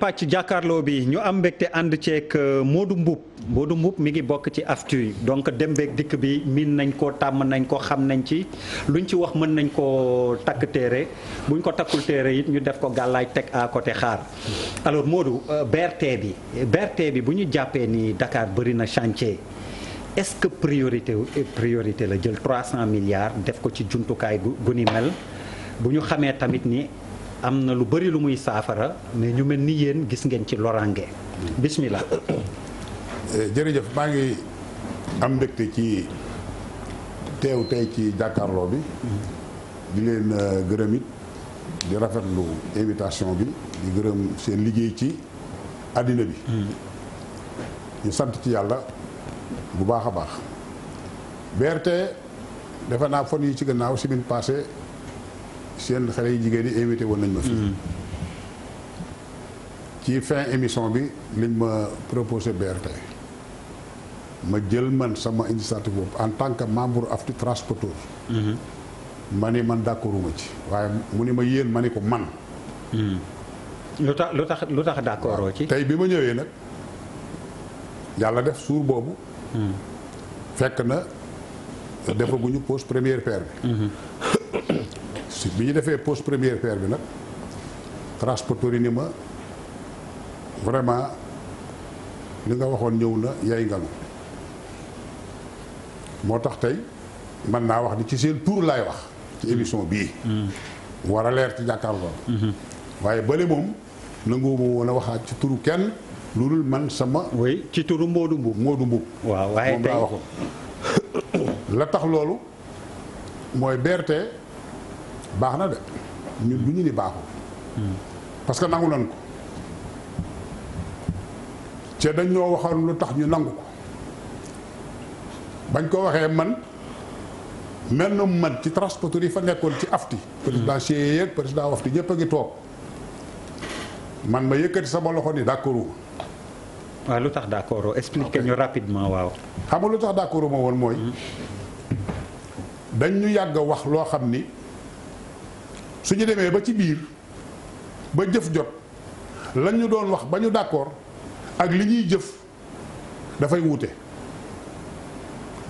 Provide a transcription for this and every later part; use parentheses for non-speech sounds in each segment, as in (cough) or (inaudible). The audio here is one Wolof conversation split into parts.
pàcc jàkkaarloo bi ñu am mbégte ànd ceeg euh, Modou Mboup Modou Mboup mi ngi bokk ci aftu donc dem beeg dikk bi miin nañ ko tàmm nañ ko xam nañ ci luñ ci wax mën nañ ko takk téere buñ ko takkul téere it ñu def ko gàllaay teg à côté xaar alors moodu euh, BRT bi BRT bi bu ñu jàppee ni Dakar bëri na chantier est-ce que priorité eh, priorité la jël 300 milliards def ko ci jumtukaay gu mel bu ñu xamee tamit ni am na lu bari lu muy saafara mais ñu mel ni yéen gis ngeen ci loraange bismillah eh, jërëjëf maa ngi am mbégte ci teew tey ci jàkkaarloo bi di leen eh, gërëm it di rafetlu invitation bi di gërëm seen liggéey ci àddina bi hmm. ñu sant ci yàlla bu baax a baax BRT defe naa fan yi ci gannaaw semaine passée seen xale yi jigéen yi invité woon nañ ma fii mm-hmm. ci fin émission bi liñ ma proposé BRT ma jël man sama initiative boobu en tant que membre afti transporteur mm-hmm. ma ni man d'accorduma ci waaye mu ni ma yéen ma ni ko man mm-hmm. lu tax lu tax lu tax d'accord ci tey bi ma ñëwee nag yàlla def suur boobu fekk na defaguñu pose première pierre bi (coughs) si bi ñu defee pose première pierre bi nag transporteur ni ma vraiment li nga waxoon ñëw na yay nga moo tax tey mën naa wax ni ci seen tour laay wax ci émission bii. Mm-hmm. war a leer ci jàkkaarloo. Mm-hmm. waaye bële moom nanguwuma woon a waxaat ci turu kenn lu dul man sama. ci turu Modou Mboub Modou waaw waaye tey moom laa waxoon (coughs) la tax loolu mooy BRT. baax na de ñun du ñu ni baaxul. parce que nangu nañ ko. te dañ ñoo waxoon lu tax ñu nangu ko bañ koo waxee man mel na man ci transporteur yi fa nekkoon ci afti président CIE yeeg ñëpp a ngi toog man ma yëkkati sama loxo ni d'accord waaw lu tax d'accord expliqué ñu rapidement waaw. xam nga lu tax d'accord ma woon mooy hmm. dañ ñu yàgg wax loo xam ni. suñu demee ba ci biir ba jëf jot lañ ñu doon wax ba ñu d'accord ak li ñuy jëf dafay wuute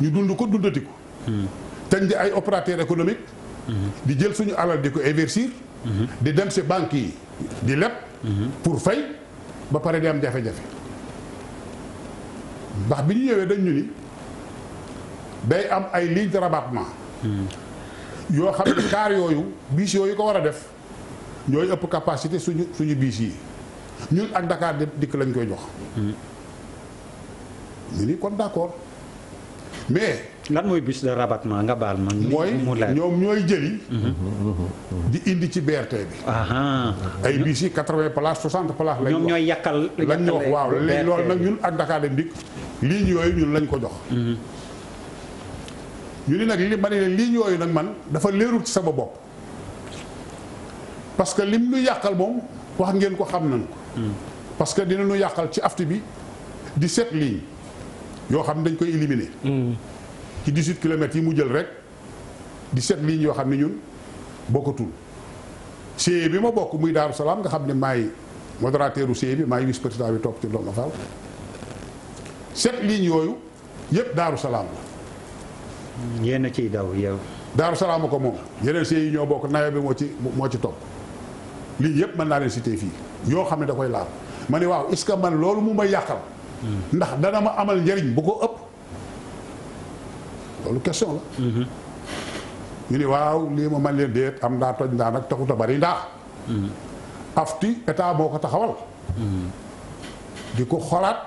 ñu dund ko dundati ko. Hmm. tañ di ay opérateur économique hmm. di jël suñu alal di ko investir. Hmm. di dem si banque yi di leb. pour fay ba pare di am jafe-jafe ndax bi ñu ñëwee dañ ñu ni day am ay lignes de yoo xam ne (coughs) kaar yooyu biis yooyu ko war a def ñooy ëpp capacité suñu suñu biis yi ñun ak Dakar dikk lañ koy jox. Mm-hmm. ñu ni kon d'accord mais. lan mooy bus de rabattement nga baal man. mooy ñoom ñooy jëli. Mm-hmm. di indi ci BRT bi. ay bus yi 80 places 60 places. lañ ñoom ñooy yàqal lañ waaw léegi loolu nag ñun ak Dakar dem dikk ligne yooyu ñun lañ ko jox. Mm-hmm. ñu ni nag li ma ne leen ligne yooyu nag man dafa léerul ci sama bopp parce que lim yàqal moom wax ngeen ko xam nañ ko. Hmm. parce que dina nu yàqal ci afti bi di set lignes yoo xam ne dañ koy éliminer. Hmm. ci 18 kilomètres yi mu jël rek di set lignes yoo xam ne ñun bokkatul. CIE bi ma bokk muy Daaru Salaam nga xam ne maay modérateur u CIE bi maay vice président bi topp ci Ndonga Fall. 7 lignes yooyu yëpp Daaru Salaam la. yéen a ciy daw yow. Daaru Salaam ko moom yeneen sëy ñoo bokk nawet bi moo ci moo ci topp lii yëpp mën naa leen cité fii yoo xam ne da koy ma ne waaw est que man loolu mu may hmm. ndax dana ma amal njëriñ bu ko ëpp loolu question la. Hmm. waaw lii ma man leen déet am ndaa toj ndaa nag taxut a bari ndaa hmm. afti état moo ko taxawal. di ko xolaat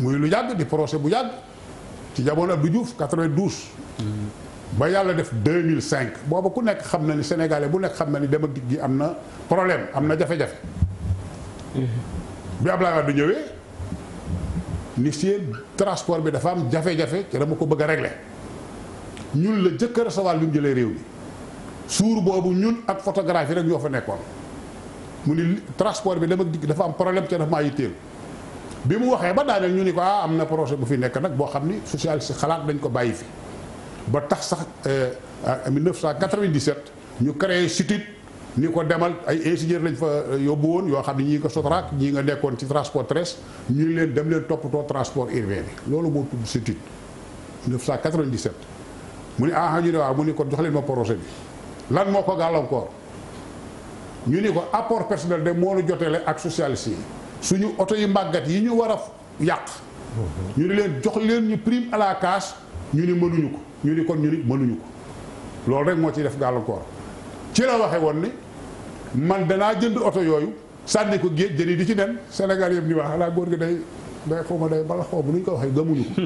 muy lu yàgg di procès bu yàgg. ci jamono Abdou Diouf 92. ba yàlla def cinq booba ku nekk xam na ni sénégalais bu nekk xam na ni dem ak dikk am na problème am na jafe-jafe. bi Abdoulaye Wade ñëwee ni seen transport bi dafa am jafe-jafe ci dama ko bëgg a régler ñun la jëkk a recevoir bi mu jëlee réew mi suur boobu ñun ak photographie rek ñoo fa nekkoon mu ni transport bi dem ak dafa am problème ca dafa maa yitteel. bi mu waxee ba daaneel ñu ni ko ah am na projet bu fi nekk nag boo xam ni socialiste xalaat dañ ko bàyyi fi ba tax sax euh, en 1997 ñu créé CETUD ni ko demal ay ingénieur lañ fa euh, yóbbu woon yoo xam ne ñii nga Sotrac ñii nga nekkoon ci transport terrestre ñu leen dem leen toppatoo transport urbain bi loolu moo tudd CETUD 1997 mu ni ah ñu ne waaw mu ni ko jox leen ma projet bi lan moo ko gàllankoor ñu ni ko apport personnel de moo nu jotele ak social si suñu oto yu màggat yi ñu war a yàq ñu ni leen jox leen ñu prime à la casse ñu ni mënuñu ko ñu ni kon ñu ni mënuñu ko loolu rek moo ci def gàllankoor ci la waxe woon ni man danaa jënd oto yooyu sànni ko géej jëni di ci dem Sénégal yëpp ni wax xanaa góor gi day day xaw ma day bala xaw ma nu ko waxee gëmuñu ko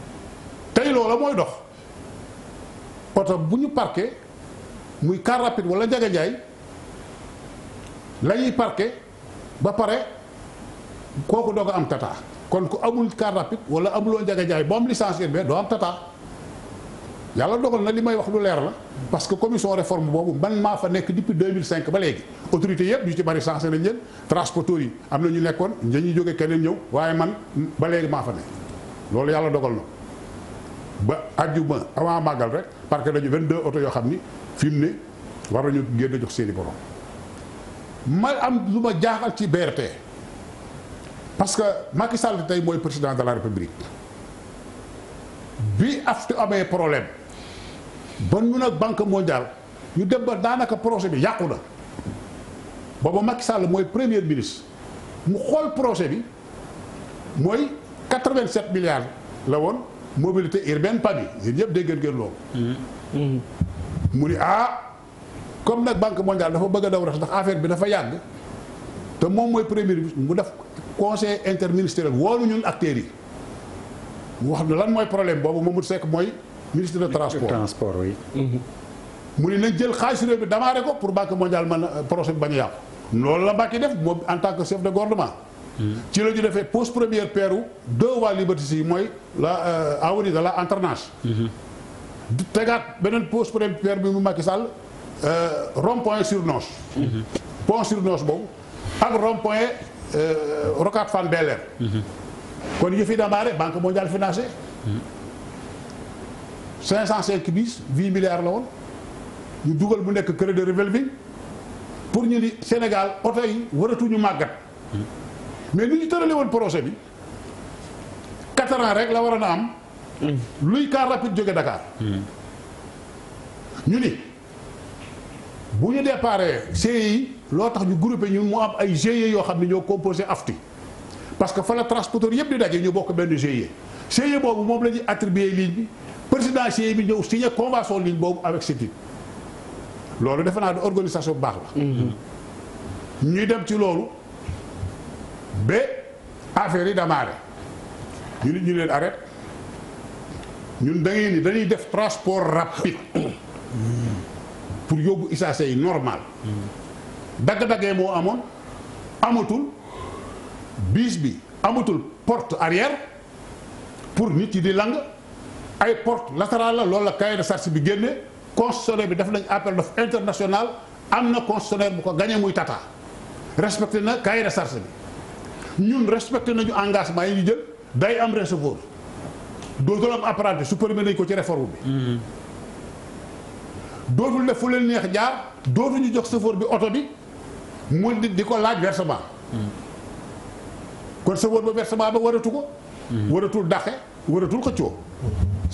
(laughs) tey loola mooy dox oto bu ñu parqué muy car rapide wala njaga njaay la ñuy ba pare kooku doo ko am tata kon ku amul car rapide wala amuloo njaga jaay boo am licence urbaine doo am tata yàlla dogal na li may wax lu leer la parce que commission réforme boobu man maa fa nekk depuis 2005 ba léegi autorité yëpp ñu ci bari changé nañ leen transporteurs yi am na ñu nekkoon dañuy jóge keneen ñëw waaye man ba léegi maa fa nekk loolu yàlla dogal na ba àjjuma avant màggal rek parce que dañu 22 oto yoo xam ni fi mu ne war nañu génn jox seen i borom ma am lu ma jaaxal ci BRT. parce que Macky Sall tey mooy président de la République bi aftu amee problème ba ñu nag banque mondiale ñu dem ba daanaka projet bi yàqu na booba Macky sàll mooy premier ministre mu xool projet bi mooy 87 milliards la woon mobilité urbaine PAMI yéen ñëpp dégg ngeen loolu. Mm-hmm. mu ni ah comme nag banque mondiale dafa bëgg a daw rax ndax affaire bi dafa yàgg. te moom mooy premier ministre mu def conseil interministériel woolu ñun acteurs yi mu wax ne lan mooy problème boobu mu Seck mooy ministre de transport transport oui. mu ni nañ jël xaalis réew bi démarré ko pour banque mondiale man euh, projet bi a yàqu loolu la Macky def moom en tant que chef de gouvernement mm. ci la ñu defee pose première pierre deux voies libertés si mooy la avenue euh, la Entrenage mm-hmm. tegaat beneen pose première pierre bi mu Macky Sall euh, rond point sur Noche mm-hmm. pont sur Noche boobu ak rond-point euh, Rocade Fann Bel Air kon yëf yi banque mondiale financé cinq cent cinq bis huit milliards la woon ñu dugal mu nekk crédit de pour ñu ni Sénégal oto yi waratuñu màggat mais ni ñu tërale woon projet bi quatre ans rek la waroon a am luy car rapide jóge Dakar ñu ni bu ñu déparé CI loo tax ñu groupé ñun mu ay GIE yoo xam ne ñoo composé AFTU parce que fa la transporteur yëpp di daje ñu bokk benn GIE GIE boobu moom la ñuy attribué ligne bi président bi ñëw signé convention ligne boobu avec CETUD loolu defe naa ne organisation bu baax la. Mm-hmm. ñuy dem ci loolu ba affaire yi démarré ñu ñu leen arrêté ñun da ngeen dañuy def transport rapide mm-hmm. pour yóbbu usagers yi normal. Mm-hmm. dagg-daggee moo amoon amatul bus bi amatul porte arrière pour nit yi di lang ay porte latérale la loolu la cahier de bi génne concessionnaire bi def nañ appel d'offre international am na concessionnaire bu ko gagné muy Tata respecté na cahier de bi ñun respecté nañu engagement yi ñu jël day am receveur dootul am apparenté supprimer nañ ko ci réforme bi mm-hmm. dootul def fu leen neex jaar dootuñu jox chauffeur bi oto bi mu di di ko laaj versement. kon sa wër ba versement ba waratu ko. waratul daxe waratul xëccoo.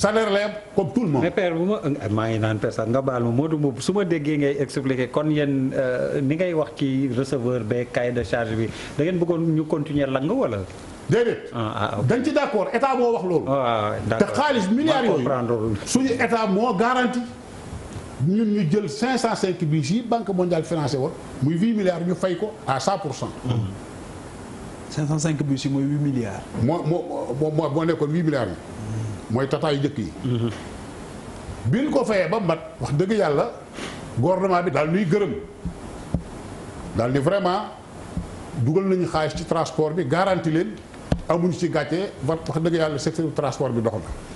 salaire la yam comme tout le monde. mais bu ma maa ngi naan père sax nga baal ma Modou Mboub su ma déggee ngay expliquer kon yéen euh, ni ngay wax ci receveur beeg kay de charge bi da ngeen bëggoon ñu continuer lang wala. déedéet. Ah, ah, dañ ci d' accord état moo wax loolu. Ah, te xaalis milliards yooyu suñu état moo garanti. ñun ñu jël 505 bi si banque mondiale financé woon muy 8 milliards ñu fay ko à 100 pour cent. 505 bi si mooy milliards. moo moo moo moo nekkoon 8 milliards mooy tata yu njëkk yi. bi ñu ko fayee ba mat wax dëgg yàlla gouvernement bi daal nuy gërëm daal ni vraiment dugal nañu xaalis ci transport bi garanti leen amuñu ci gàccee wax dëgg yàlla secteur transport bi dox na.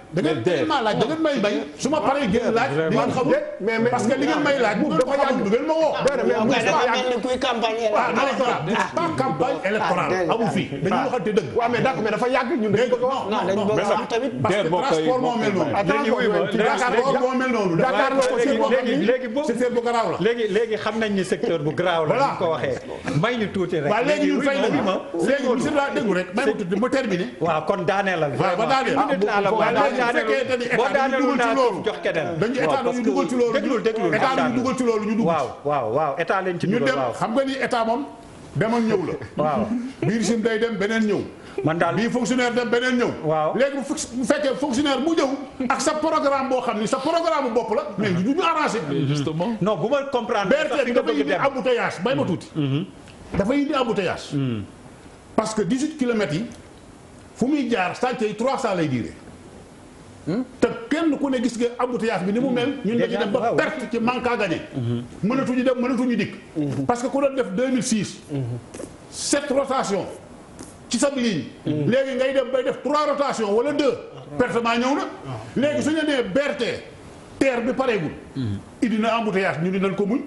da ngeen ma laaj da ngeen may bañ su ma paree génn laaj li ngeen xamul mais parce que li ngeen may laaj bu dafa yàgg du ngeen ma woo kuy campagne électorale eh, ah, ah, pas campagne ah, électorale amu bu garaaw la léegi léegi xam nañ ni secteur bu garaaw la ñu ko waxee may ñu tuuti rek waaw léegi la déggu rek ma tuuti dugal ci loolu déglul déglul état dañu dugal ci loolu ñu dugg waaw waaw waaw état lañ ci dugal waaw ñu dem xam nga ni état moom demal ñëw la waaw (laughs) biir sim day dem beneen ñëw man daal dem beneen ñëw. waaw léegi bu fekkee fonctionnaire bu ñëw. ak sa programme boo xam ni sa programme bu bopp la. mais du ñu arrangé. justement (laughs) non bu indi embouteillage bay ma mm-hmm. tuuti. Mm-hmm. dafay indi embouteillage. Mm. que 18 kilomètres yi fu muy jaar sànq yi 300 lay te kenn ku ne gis nga embouteillage bi ni mu mel. Mm-hmm. ne dañu dem ba perte ci manque à gagner. Mm-hmm. mënatuñu dem mënatuñu dikk. Mm-hmm. parce que ku doon def 2006. sept rotation ci sa ligne. léegi ngay dem bay def trois rotation wala deux. pertement ñëw na. Ah. léegi su ñu nee BRT terre bi pareegul. indi na embouteillage ñu ni nañ ko muñ.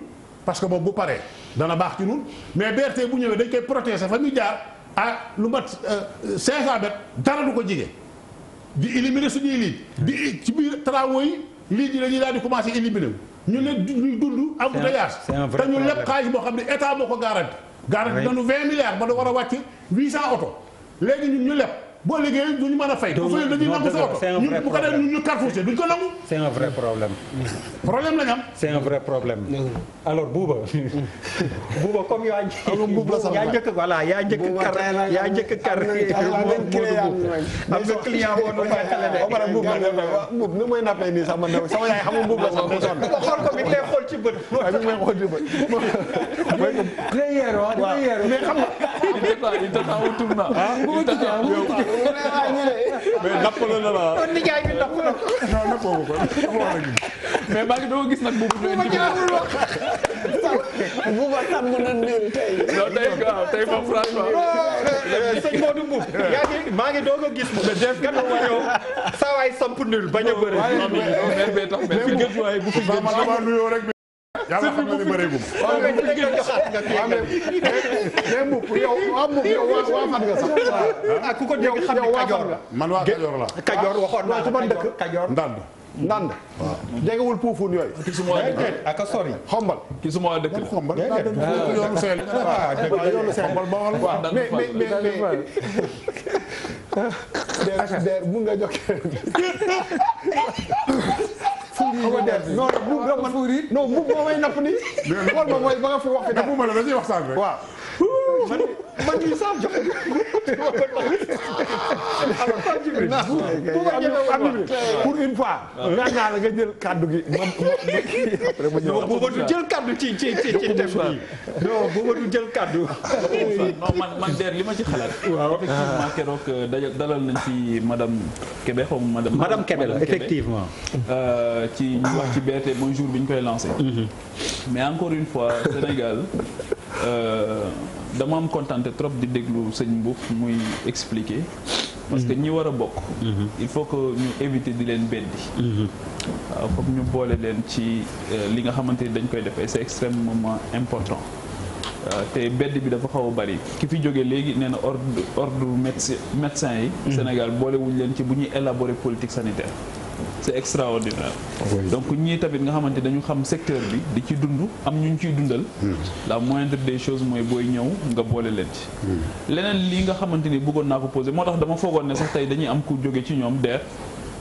parce que boobu bu paree dana baax ci ñun mais BRT bu ñëwee dañ koy protéger fa ñu jaar ah lu mat 500 euh, euh, mètres dara du ko jige di éliminer suñuy lii di ci biir travaux yi lii ji dañuy daal di commencé éliminer wu ñu ne ñuy dund embouteillage te ñu lépp xaalis boo xam ne état moo ko garanti garanti nañu vingt milliards ba da war a wàcce huit cent oto léegi ñu ñu lépp boo liggéey duñu mën a fay. bu fay dañuy nangu sa oto ñu bu ko def ñu cartouché duñ ko nangu. c' est un vrai problème. problème la ñu am. c' est un vrai problème. alors Bouba. (laughs) Bouba comme yaa njëkk voilà yaa njëkk kar yaa njëkk kar. am nga client boo doon jàkkale de. ba pare Bouba Bouba nu may nappee nii sax man de sama yaay xamul Bouba sax mu sonn. xool ko mi ngi lay xool ci bët. waaw mi ngi lay xool ci bët. mais xam nga. (laughs) mais nappaloo na la. kon nijaay bi nappaloo ko. non nappoo ko mais maa ngi doon gis nag boobu. bu ma ñaawul wax. bu ma tàmm na neen tey. non tey waaw tey moom franchement. sëñ Modou Mbow. yaa ngi maa ngi doog a gis. mais def nga ma yow. saa waay samp nul bañ a bëri. waaye mais mais tax mais bu fi gëj waaye bu fi gëj. yàlla xam na ne bëreegum. waaw mais bu fekkee joxaat yow waaw moom nga sax. ah ko dégg xam ne Kajoor la man waa Kajoor la. Kajoor waxoon naa man dëkk Kajoor Ndande. Ndande. waaw jegewul yooyu. kii waa dëkk ak sori. xombal ba wàll. Ah, ah, ah, waaw mais der (laughs) der nga jokkee. (laughs) fuur yi non non man fuur yi non mbubb moo may napp nii. loolu moom mooy ba nga fi wax fi. mbubb ma la dañuy waxtaan rek. waaw. man man mii sax jox pour une fois. naan naa la nga jël kaddu gi. ma ma après ma ñëw booba du jël kaddu ci ci ci ci thème bi non booba du jël kaddu. non man man der li ma ci xalaat. waaw effectivement keroog euh, dalal nañ ci madame Kébé xaw ma madame. madame Kébé la effectivement. Euh, ci ñu wax ci BRT mooy jour bi ñu koy lancé. Mhm. mais encore une fois Sénégal euh, dama am contenté trop di déglu sañ Mbouf muy expliquer parce que ñi war a bokk. Mhm. il faut que ñu éviter di leen beddi. waaw mhm. euh, foog ñu boole leen ci euh, li nga xamante ni dañ koy def et c'est extrêmement important. te bedd bi dafa xaw bari ki fi jóge léegi nee na ordre ordre médecin yi. Sénégal boolewuñ leen ci bu ñuy élaborer politique sanitaire. c'est extraordinaire. donc ñii tamit nga xamante dañu xam secteur bi di ci dund am ñu ñu ciy dundal. Hmm. la moindre des choses mooy booy ñëw nga boole leen ci. Hmm. leneen lii nga xamante ni bëggoon naa ko posé moo tax dama foogoon ne sax tey dañuy am ku jóge ci ñoom DER.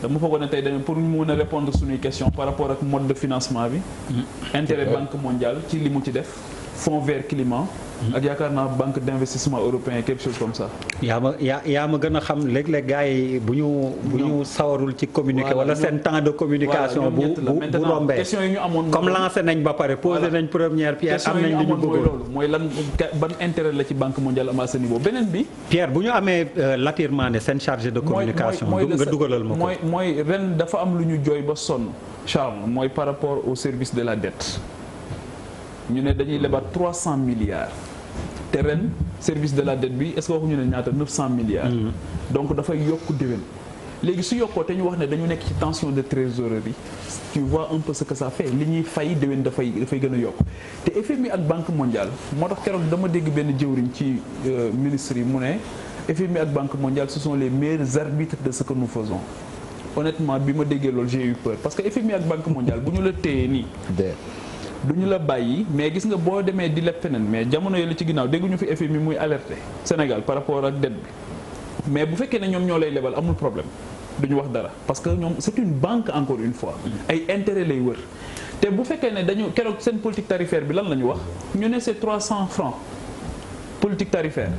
dama foogoon ne tey dañu pour ñu mën a répondre suñuy question par rapport ak mode de financement bi. Hmm. intérêt banque mondiale ci li mu ci def. fonds vert climat. ak yaakaar naa banque d' investissement européen quelque chose comme yaa ma yaa yaa ma gën a xam léeg-léeg gars yi bu ñu. bu ñu sawarul ci communiquer wala seen temps de communication. bu bu bu rombee question yi ñu amoon comme lancé nañ ba pare posé nañ première pierre am nañ li ñu bëggoon mooy lan ban intérêt la ci banque mondiale am à ce niveau beneen bi. Pierre bu ñu amee euh, l'attirement ne seen chargé de communication. nga dugalal ma ko mooy mooy ren dafa am lu ñu jooy ba sonn. Charles mooy par rapport au service de la dette ne dañuy lebat 300 milliards. te ren service de la dette bi est-ce que waxuñu ne ñaata 900 milliards. Mm-hmm. donc dafay yokk déwén. léegi su yokkoo te ñu wax ne dañu nekk ci tension de trésorerie tu vois un peu ce que ça fait li ñuy fay déwén dafay dafay gën a yokk te FMI ak Banque mondiale moo tax keroog dama dégg benn jëwriñ ci euh, ministre yi mu ne FMI ak Banque mondiale ce sont les meilleurs arbitres de ce que nous faisons honnêtement bi ma déggee loolu j'ai peur parce que FMI ak Banque mondiale bu ñu la téye nii. du ñu la bàyyi mais gis nga boo demee di leb feneen mais jamono yële ci ginnaaw dégguñu fi FMI muy alerté Sénégal par rapport ak dette bi mais bu fekkee ne ñoom ñoo lay lebal amul problème ñu wax dara parce que ñoom c'est une banque encore une fois ay intérêt lay wër te bu fekkee ne dañu keroog seen politique tarifaire bi lan la ñu wax ñu ne c'est 300 francs politique tarifaire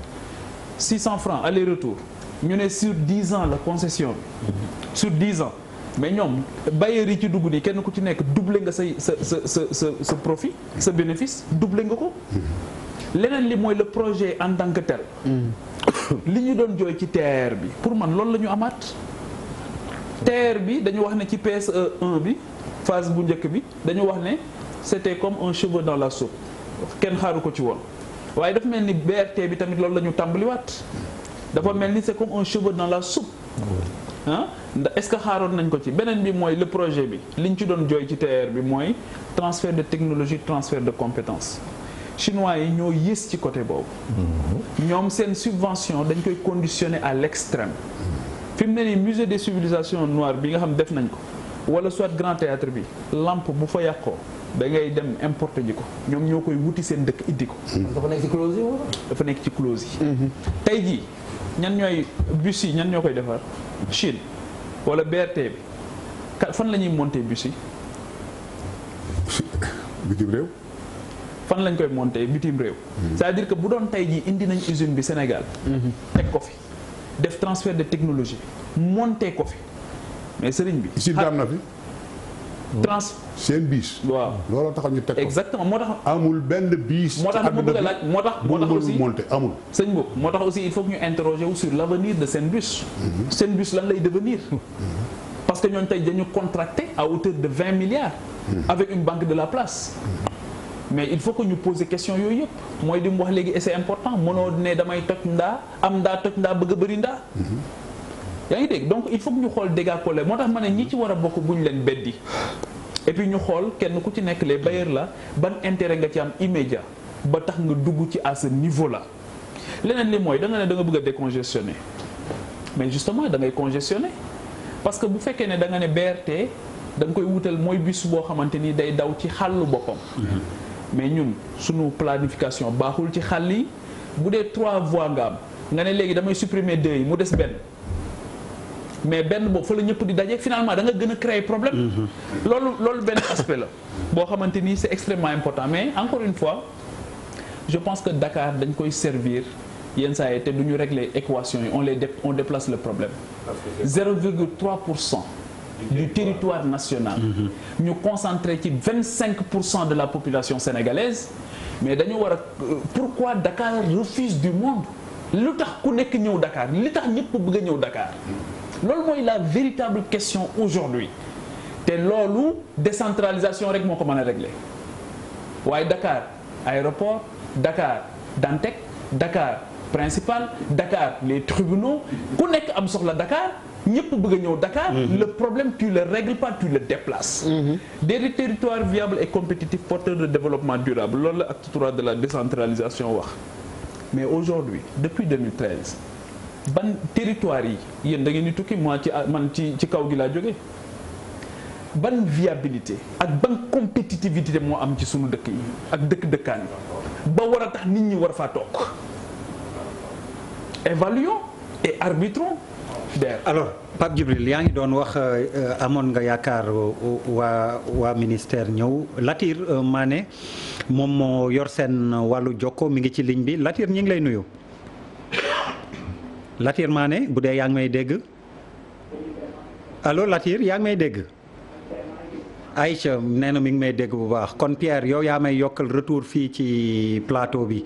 600 francs aller retour ñu ne sur 10 ans la concession bi sur 10 ans mais ñoom bailleurs yi ci dugg nii kenn ku ci nekk doublé nga say sa sa sa sa profit sa bénéfice duble nga ko. leneen li mooy le projet en tant que mm. li ñu doon jooy ci TER bi pour man loolu la ñu amaat. TER bi dañu wax ne ci PSE 1 bi phase bu njëkk bi dañu wax ne c'était comme un cheveu dans la soupe kenn xaaru ko ci woon waaye dafa mel ni BRT bi tamit loolu la ñu tàmbaliwaat dafa mel ni c'est comme un cheveu dans la soupe mm. ndax est-ce que xaaroon nañ ko ci beneen bi mooy le projet bi li ñu ci doon jooy ci TER bi mooy transfert de technologie transfert de compétence chinois yi ñoo yées ci côté boobu. Mm-hmm. ñoom seen subvention dañ koy conditionné à l'extrême. Mm-hmm. fi mu ne nii musée des civilisations noires bi nga xam def nañ ko wala soit grand théâtre bi lampe bu fa yàqoo da ngay dem importer ji ko ñoom ñoo koy wuti seen dëkk iddi ko. Mm-hmm. dafa nekk ci close yi dafa nekk ci close yi. tey jii ñan ñooy bus yi ñan ñoo koy defar Chine. wala BRT bi fan la ñuy monter bus yi. bitim réew. fan lañ koy monter bitim réew. Hmm. c'est-à-dire que bu doon tey jii indi nañ usine bi Sénégal. Hmm. teg ko fi def transfer de technologie monter ko fi mais sëriñ bi. usine am na bi trans. seen biis. waaw looloo tax ñu teg ko. exactement moo tax. amul benn biis. moo tax a laaj moo tax moo tax aussi monté amul. sëñ boobu moo tax aussi il faut que ñu interroger wu la l' de seen bus. Mhm. seen bus lan lay devenir. Mhm. parce que ñooñu tey dañu contracté à hauteur de vingt milliards. Mhm. avec une banque de la place. mais il faut que ñu poser question yooyu yëpp mooy di mu wax léegi et est important mënoo ne damay toj ndaa am ndaa toj ndaa bëgg a bëri ndaa. yaa ngi dégg donc il faut ñu xool dégâts collectifs moo tax ma ne ñii ci war a bokk buñ leen beddi et ñu xool kenn ku ci nekk lee bailleurs la ban intérêt nga ci am immédiat ba tax nga dugg ci à ce niveau là leneen li mooy danga ne danga bëgg a décongestionner mais justement da ngay congestionner parce que bu fekkee ne da nga ne BRT da koy wutal mooy bus boo xamante ni day daw ci xàllu boppam mm-hmm. mais ñun suñu planification baaxul ci xàll yi bu dee trois voies nga am nga ne léegi damay supprimer deux yi mu des benn mais benn boobu fa la ñëpp di daje finalement danga nga gën a créer problème. Mm-hmm. loolu loolu benn aspect la. boo xamante ni c'est extrêmement important mais encore une fois je pense que Dakar dañ koy servir yenn saa yi te du ñu régler équation yi on les dé on déplace le problème. 0,3 pour cent. du territoire national. Mm-hmm. ñu concentré ci 25 pour cent de la population sénégalaise. mais dañu war a euh, pourquoi Dakar refuse du monde lu tax ku nekk ñëw Dakar li tax ñëpp bëgg a ñëw Dakar. loolu mooy la véritable question aujourd'hui te loolu décentralisation rek moo ko mën a régler waaye Dakar aéroport Dakar Dantec Dakar principal Dakar les tribunaux ku nekk am soxla Dakar ñëpp bëgg a ñëw Dakar. Mhm. le problème tu le règles pas tu le déplaces. Mhm. des territoires viables et compétitifs porteurs de développement durable loolu la acte trois de la décentralisation wax mais aujourd'hui depuis 2013. ban territoire yi yéen da ngeen di tukki moi ci ah, man ci ci kaw gi laa jóge ban viabilité ak ban compétitivité moo am ci sunu dëkk yi ak dëkk-dëkkaan yi ba war a tax nit ñi war a faa toog évaluons et arbitrons der alors Pape Djibril yaa ngi doon wax euh, amoon nga yaakaar euh, euh, waa waa ministère ñëw Latir maane moom moo yor seen wàllu jokko mi ngi ci ligne bi Latir ñi ngi lay nuyu Latir Mané bu dee yaa ngi may dégg allo Latir yaa ngi may dégg. Aïcha nee na mi ngi may dégg bu baax kon Pierre yow yaa may yokkal retour fii ci plateau bi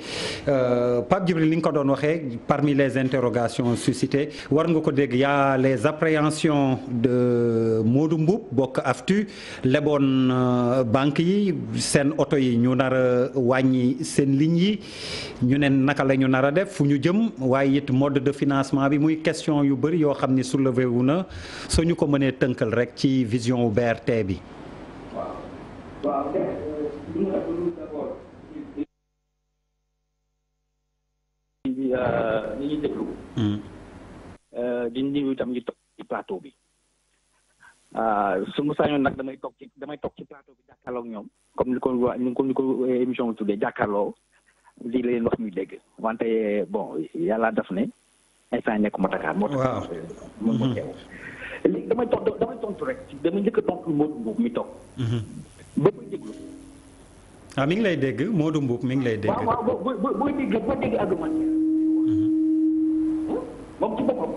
euh, Pape Djibril li nga ko doon waxee parmi les interrogations suscitées war nga ko dégg yaa les appréhensions de Modou Mboup bokk aftu leboon euh, banque yi seen oto yi ñu nar a wàññi seen lignes yi ñu neen naka lañu ñu nar a def fu ñu jëm waaye it mode de financement bi muy question yu bëri yoo xam ni soulevé wu na soo ñu ko mënee tënkal rek ci vision BRT bi. waaw def lu mu xebalul di nuyu itam ñu ci plateau bi uh, su ma sañoon nag damay toog ci damay toog ci plateau bi jàkkaarloo ñoom comme ni ko waa comme ni ko émission bi tuddee jàkkaarloo lii leen wax ñuy dégg wante bon yàlla daf ne instant nekkuma Dakar moo tax mën ma teew damay toog damay tontu rek damay njëkk tontu Modou Mbow mi toog hmm. ba koy déglu. Ah, mi ngi lay dégg Modou Mboup mi ngi lay dégg. waaw waaw boo boo dégg boo dégg argument mhm. moom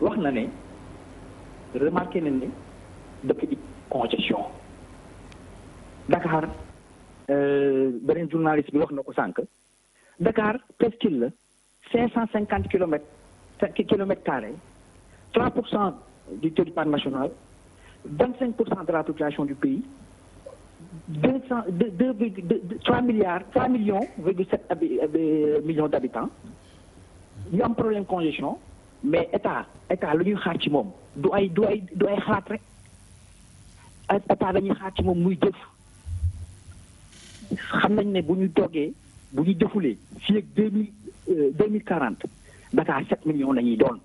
wax na ne remarqué nañ ne dëkk bi congestion Dakar euh, beneen journaliste bi wax na ko sànq Dakar presqu'île la cinq cent cinquante kilomètres kilomètres carrés trois pour cent du territoire national vingt cinq pour cent de la population du pays deux cent deux deux virgule trois milliards trois millions virgule sept millions d'habitants ñu am problème congestion mais état état lu ñuy xaar ci moom du ay du ay du ay xalaat rek état la ñuy xaar ci moom muy jëf xam nañ ne bu ñu toogee bu ñu jëfulee fii ak deux mille deux mille quarante Dakar sept millions la ñuy doon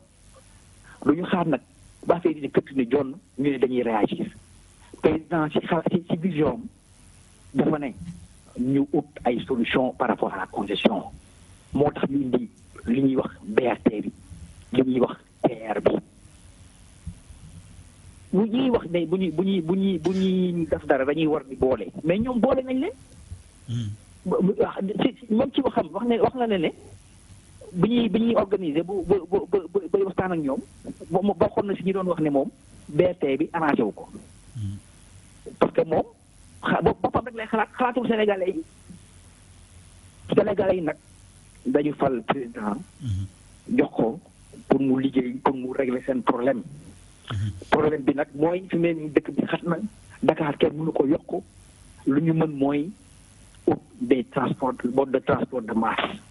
lu ñu xaar nag ba affaire yi di këtt ni jonn ñu ne dañuy réagir président si xalaat si vision dafa ne ñu ut ay solution par rapport à la congestion moo tax ñu indi li ñuy wax BRT bi li ñuy wax TER bi bu ñuy wax ne bu ñuy bu ñuy bu ñuy bu ñuy def dara dañuy war di boole mais ñoom boole nañ leen. moom ci waxam wax ne wax na ne ne bi ñuy bi ñuy organiser bu bu bu bu bay waxtaan ak ñoom bokkoon na si ñu doon wax ne moom BRT bi arrangé wu ko parce que moom. boppam rek lay xalaat xalaatul sénégalais yi sénégalais yi nag dañu fal président mhm. jox pour mu liggéey pour mu régler seen problème mhm. problème bi nag mooy fi mel ni dëkk bi xat na Dakar kenn mënu ko yokk lu ñu mën mooy ut des transports mode de transport de masse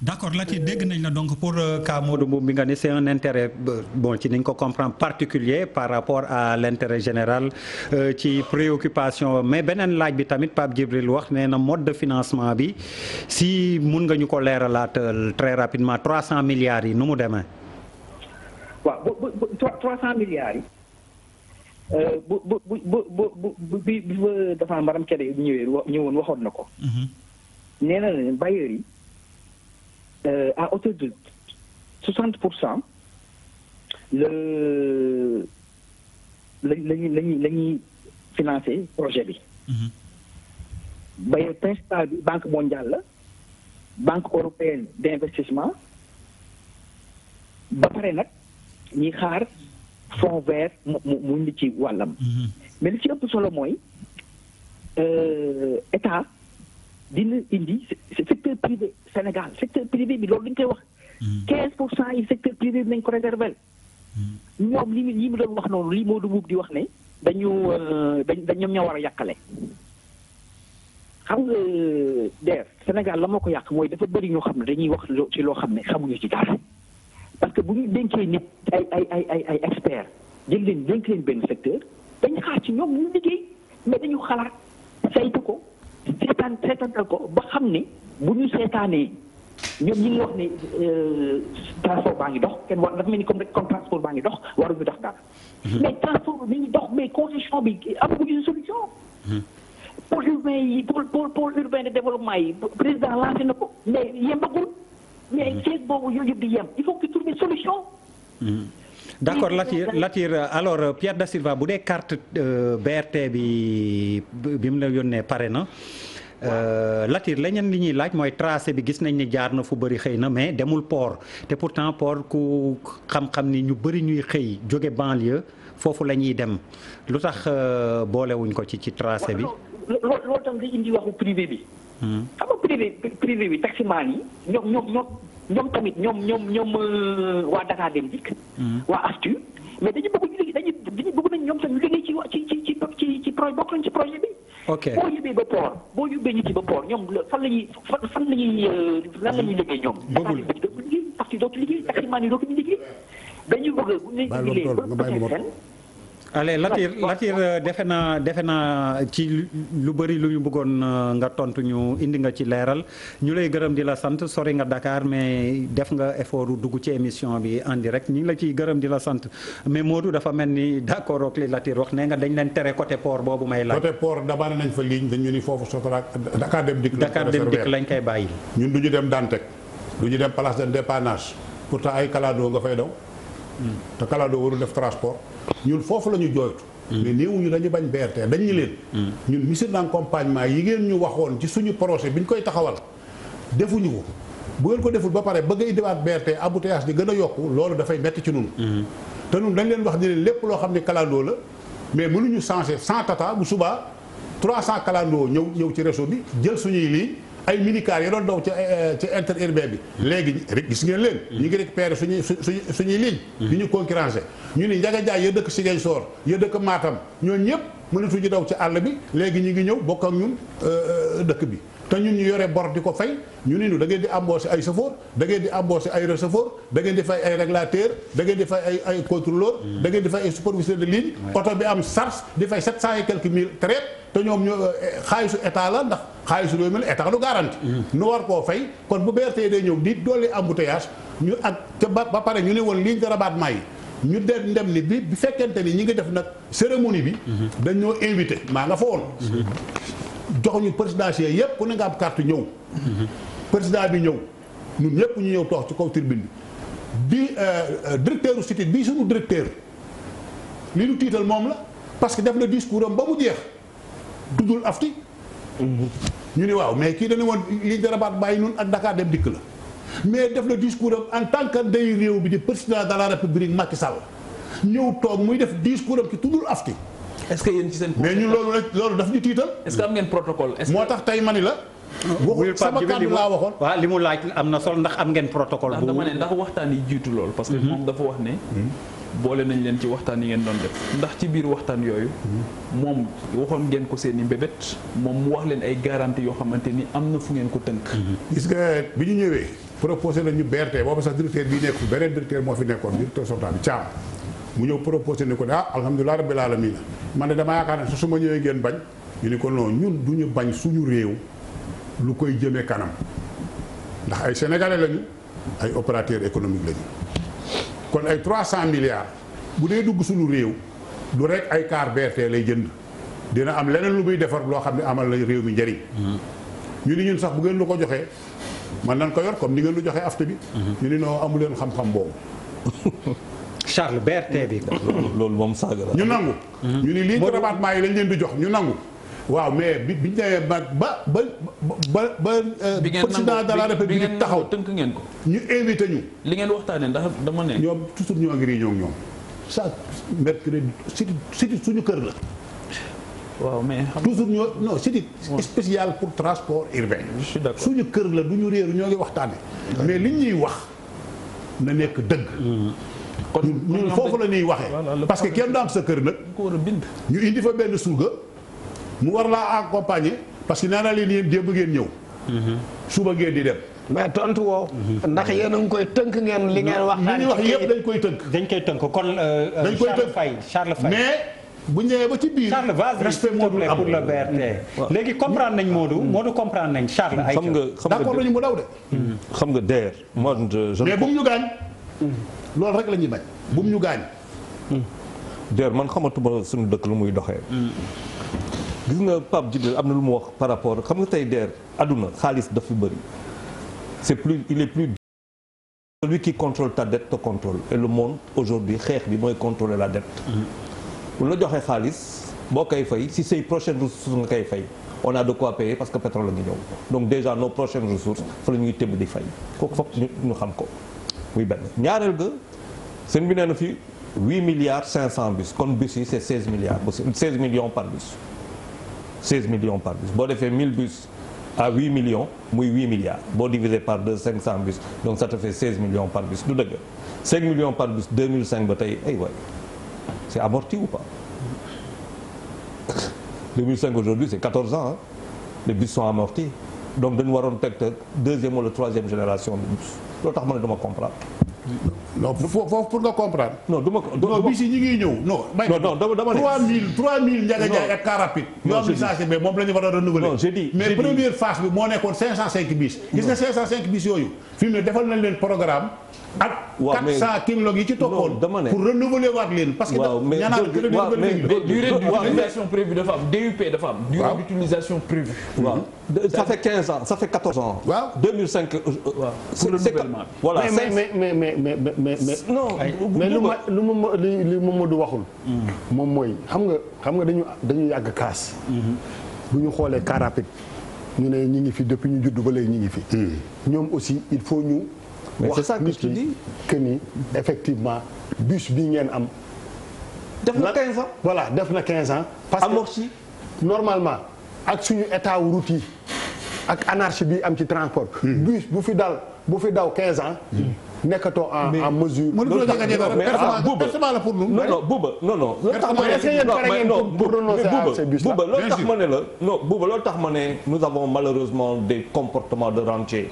d' accord Latir dégg nañ na donc pour cas euh, Modou Mbuub bi nga ni c' un intérêt euh, bon ci nañ ko comprendre particulier par rapport a l' général euh, ci préoccupation mais beneen laaj bi tamit Pape Djibril wax nee na mode de financement bi si mun nga ñu ko leeralaatal très rapidement 300 milliards yi nu mu demee. waaw bu bu 300 milliards yi. bu bu bu bu bu bu bi dafa maram Kébé ñëwee ñëwoon waxoon na ko. Mm-hmm. yi. euh, à hauteur de 60% le la lañu lañu la ñuy financé projet bi mhm. baye principal bi banque mondiale la banque européenne d'investissement ba pare nag ñi xaar fonds vert mu mu mu ci wàllam mhm. mais li ci ëpp solo mooy euh, état dina indi secteur privé Sénégal secteur privé bi loolu dañ koy wax. 15 hmm. pour cent yi secteur privé bi nañ ko réserver. Hmm. ñoom li li mu doon wax noonu li Modou Mbuub di wax ne dañu euh, dañ dañ ñoom ñoo war a yàqale. xam nga euh, DER Sénégal la moo ko yàq mooy dafa bëri ñoo xam ne dañuy wax loo xam ne xamuñu ci dara parce que bu ñu dénkee nit ay ay ay ay ay experts leen dénk leen benn secteur dañ xaar ci ñoom ñu liggéey mais dañu xalaat saytu ko. seetaan seetaatal ko ba xam ne bu ñu seetaanee ñoom ñi ngi wax ne euh, transport baa ngi dox kenn war dafa mel ni comme rek transport baa ngi dox waruñu dox dara. Mhm. mais transport bi mi ngi dox mais congestion bi amaguñu solution. Mhm. pôle urbain yi pôle pôle urbain de développement yi président lancé na ko mais yembagul mais ceeb mhm. boobu yooyu yëpp di yem il faut que trouver solution. d' accord Latir Latir Pierre da Silva bu dee carte BRT bi bi mu la yónnee pare na. Latir leneen li ñuy laaj mooy tracé bi gis nañ ni jaar na fu bëri xëy na mais demul port te pourtant port ku xam-xam ni ñu bëri ñuy xëy jóge banlieue foofu la ñuy dem lu tax boolewuñ ko ci ci tracé bi. loolu tam di indi waxu privé bi. xam privé bi taximaan yi ñoo ñoo ñoom tamit ñoom ñoom ñoom euh, waa Dakar Dem Dikk. Mm-hmm. waa AFTU mais dañu bëgg dañu dañu bëgg nañ ñoom tamit liggéey ci ci ci ci ci projet bokk nañ ci projet bi. ok boo yóbbee ba port boo yóbbee nit yi ba port ñoom fan la ñuy fan fan la ñuy euh, lan la ñuy mm-hmm. liggéey ñoom. bëggul Dakar Dem Dikk dootu liggéey AFTU dootu liggéey taximaan yi dootu ñu liggéey dañuy bëgg bu ñu allez Latir Latir euh, defe naa defe naa ci lu bëri lu ñu bëggoon euh, nga tontu ñu indi nga ci leeral ñu lay gërëm di la sant sori nga dakaar mais def nga effort dugg ci émission bi en direct ñu ngi la ciy gërëm di la sant mais Modou dafa mel ni d'accord ak li wax nee nga dañ leen tere côté port boobu may laaj. côté port dabaane nañ fa ligne dañu ni foofu Sotrac Dakar dem dikk. lañ koy bàyyi. ñun du ñu dem Dantec du ñu dem place de dépannage pourtant ay kalaadoo nga fay daw. te kalaandoo warul def transport ñun foofu la ñu jooytu mais néewuñu dañu bañ BRT dañu leen ñun mission d'accompagnement yi ngeen ñu waxoon ci suñu projet bi ñu koy taxawal defuñu ko bu ko deful ba pare bëgg a indiwaat BRT embouteillage di gën a yokku loolu dafay metti ci nun mm-hmm. te nun dañ leen wax ni leen lépp loo xam ne kalandoo la mais mënuñu ñu cent tata bu subaa trois cent kalandoo ñëw ñëw ci réseau bi jël suñuy lii ay minicar yi doon daw ci eh, ci interurbain bi léegi rek gis ngeen leen ñu ngi récupéré suñuy suñuy suñuy ligne su mm. ñu concurrencé ñu ni njaga jaay ya dëkk Ziguinchor ya dëkk Matam ñooñu ñëpp ñu daw ci àll bi léegi ñu ngi ñëw bokk ak ñun euh, euh, dëkk bi te ñun ñu yore bor di ko fay ñu ne ñu da ngeen di embaucher ay chauffeur da ngeen di embaucher ay receveur da ngeen di fay ay régulateur da ngeen di fay ay ay contrôleur hmm. da ngeen di fay ay superviseur de ligne oto bi am charge di fay sept cent et quelques mille traite te ñoom ñoo eh, xaalisu état la ndax xaalisu réew mi la état du garanti hmm. nu war koo fay kon bu beertee day ñëw di dolli embouteillage ñu ak ca ba pare ñu ne woon ligne de rabattement yi ñu dem ndem ni bi bu fekkente ni ñu ngi def nag cérémonie bi hmm. dañoo invité maa nga fa jox ñu présidentiel yëpp ku ne nga am carte ñëw. président bi ñëw ñun ñëpp ñu ñëw toog ci kaw tribune bi bi euh, euh, directeur u cité bii suñu directeur li ñu tiital moom la parce que def na discours am ba mu jeex tuddul afti ñu ni waaw mais kii dañu woon li jarabaat bàyyi ñun ak Dakar dem dikk la mais def na discours am en tant que day réew bi di président de la république Macky Sall ñëw toog muy def discours am ci tuddul afti est-ce que yéen ci seen. mais ñu tiital. est-ce que am ngeen protocole. est-ce que moo tax tey ma ni la. waxul sama kàddu laa waxoon. waaw li mu laaj am na solo ndax am ngeen protocole. bu dama ne ndax waxtaan yi jiitu loolu. parce que mhm. moom dafa wax ne. boole nañ leen ci waxtaan yi ngeen doon def ndax ci biir waxtaan yooyu moom waxoon ngeen ko seen i mbébét moom mu wax leen ay garantie yoo xamante ni am na fu ngeen ko tënk mhm. gis nga bi ñu ñëwee proposé nañu berte boobu sax directeur bi nekk beneen directeur moo fi nekkoon directeur sortant bi Thiam mu ñëw proposé ni ko ne ah alhamdulilah rabbil alamin man ne dama yaakaar ne su ma ñëwee ngeen bañ ñu ni ko non ñun du ñu bañ suñu réew lu koy jëmee kanam ndax ay sénégalais lañu ay opérateurs économiques lañu kon ay trois 300 milliards bu dee dugg suñu réew du rek ay car BRT lay jënd dina am leneen lu muy defar loo xam ne amal la réew mi njëriñ. Mm-hmm. ñu ni ñun sax bu ngeen lu ko joxee man nan ko yor comme ni ngeen lu joxee afta bi. Mm-hmm. ñu ni noo amu leen xam boobu. (laughs) Charles BRTV loolu moom saaga la. ñu nangu. Mhm. ñu ni lii ci rabattement yi lañ leen di jox ñu nangu. waaw mais bi bi ñu ba ba ba ba ba ba. Euh, bi ngeen président de la république taxaw tënk ngeen ko. ñu invité ñu. li ngeen waxtaanee ndax dama ne. ñoom toujours ñoo ngi réunion ñoom chaque mercredi siti siti suñu kër la. waaw mais xam toujours ñoo non c'est spécial pour transport urbain. suñu kër la du ñu ñoo ngi waxtaane mais li ñuy wax na nekk dëgg. Mm. kon ñun foofu la ñuy waxee. parce que kenn du sa kër nag. ñu indi fa benn surga mu war laa accompagner parce que nee naa leen yéen démb ngeen ñëw. Mhm. suba ngeen di dem. mais tontu woo. Mhm. ndax yéen a ngi koy tënk ngeen li ngeen wax. li ñuy wax yëpp dañ koy tënk. dañ koy tënk kon. Euh, euh, dañ koy tënk Charles Faye mais. bu ñëwee ba ci biir Charles vas-y respect Modou pour léegi comprendre nañ Modou mm. Modou comprendre nañ Charles ay xam nga xam nga d'accord nañu mu daw de. Mm. xam nga DER mais bu ñu gaañ. Mm. loolu rek la ñuy bañ bu mu ñu gaañ. der man xamatuma suñu dëkk lu muy doxee. gis nga Pape Djibril am na lu mu wax par rapport xam nga tey der àdduna xaalis dafa bëri c'est plus il est plus. celui qui contrôle ta dette te contrôle et le monde aujourd'hui xeex bi mooy contrôler la dette. bu la joxe xaalis. boo koy fay si say prochaines ressources nga koy fay on a de quoi payer parce que pétrole la ngi ñëw donc déjà nos prochaines ressources fa la ñuy tëb di fay kooku foog ñu xam ko muy sëñ bi nee na fi 8 milliards 500 bus kon bus yi c'est 16 milliards 16 millions par bus 16 millions par bus boo defee 1000 bus à 8 millions muy 8 milliards boo divisé par 2 500 bus donc ça te fait 16 millions par bus du dëgg 5 millions par bus 2005 ba tey ay waay c'est amorti ou pas 2005 aujourd'hui c'est 14 ans hein? les bus sont amortis donc dañu waroon teg deuxième wala troisième génération de bus loolu tax ma ne dama comprendre non foofu pour nga comprendre. non du ma ko non bii si ñi ngi ñëw non. non dama dama ne 3000 3000 Ndiaga Ndiaye ak car rapide. non je dis moom la war a renouveler. non je mais première phase bi moo nekkoon 505 bis. gis nga yooyu fi ne defal nañ leen programme. ak 400 kilos yi ci toppoon. dama ne pour renouveler waat leen. parce que ñaanal gën a mais durée d'utilisation prévue dafa am am. durée d'utilisation prévue. waaw mhm. ça fait 15 ans ça fait mais mais non mais lu ma lu ma li Mamadou waxul. Hmm. moom mooy xam nga xam nga dañu dañu yàgg kaas. Hmm. bu ñu xoolee car rapide ñu ne ñi ngi fi depuis ñu juddu ba léegi ñi ngi fi. Hmm. ñoom aussi il faut ñu. mais c'est ça que tu effectivement bus bi ngeen am. def na 15 ans voilà def na 15 ans. parce amorti. que normalement ak suñu état wu route yi ak anarchie bi am ci transport. bus bu fi dal bu fi daw quinze ans. nekkatoo en en mesure. la ah, ah, la pour non la Bouba non non. loolu tax ma ne non Bouba loolu tax ma ne la. non Bouba loolu tax ma ne nous avons malheureusement des comportements de rentiers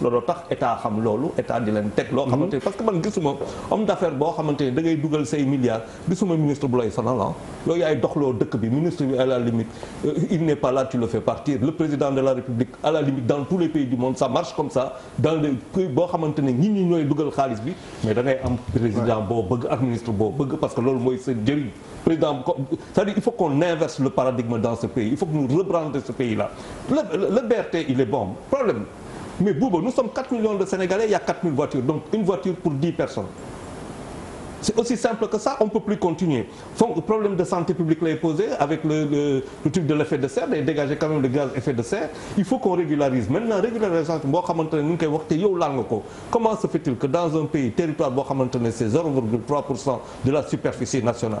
looloo tax état xam loolu état di leen teg loo mhm. xamante ni parce que man gisuma homme d'affaires boo xamante ni da dugal say milliards gisuma ministre bu lay sonal ah yow yaay doxloo dëkk bi ministre bi à la limite euh, il n'est pas là tu le fais partir le président de la république à la limite dans tous les pays du monde ça marche comme ça dans les pays boo xamante ne nit ñi ñooy dugal xaalis bi mais da am président boo bëgg ak boo bëgg parce que loolu mooy seen njëriñ président cest le paradigme dans ce pays il faut que nous rebrander ce le BRT il est mais Bouba nous sommes 4 millions de Sénégalais il y a 4000 voitures donc une voiture pour 10 personnes. c'est aussi simple que ça on peut plus continuer problème de santé publique lay posé avec le, le de l'effet de serre day dégager quand même le gaz effet de serre il faut qu'on régularise maintenant régularisation boo comment se fait-il que dans un pays territoire boo xamante ne c'est 0,3 de la superficie nationale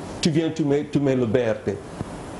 tu viens, tu mets, tu mets le BRT.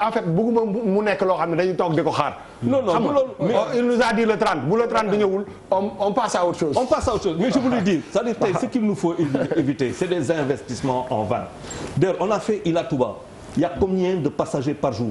en fait bëgguma mu nekk loo xam ne dañu toog di ko xaar. non non loolu oh, il nous a dit le 30 bu le 30 di ñëwul on on passe à autre chose. on passe à autre chose mais je voulais dire (laughs) c'est-à-dire tey ce qu'il nous faut éviter c'est des investissements en vain. d'ailleurs on a fait Ila Touba il y a combien de passagers par jour.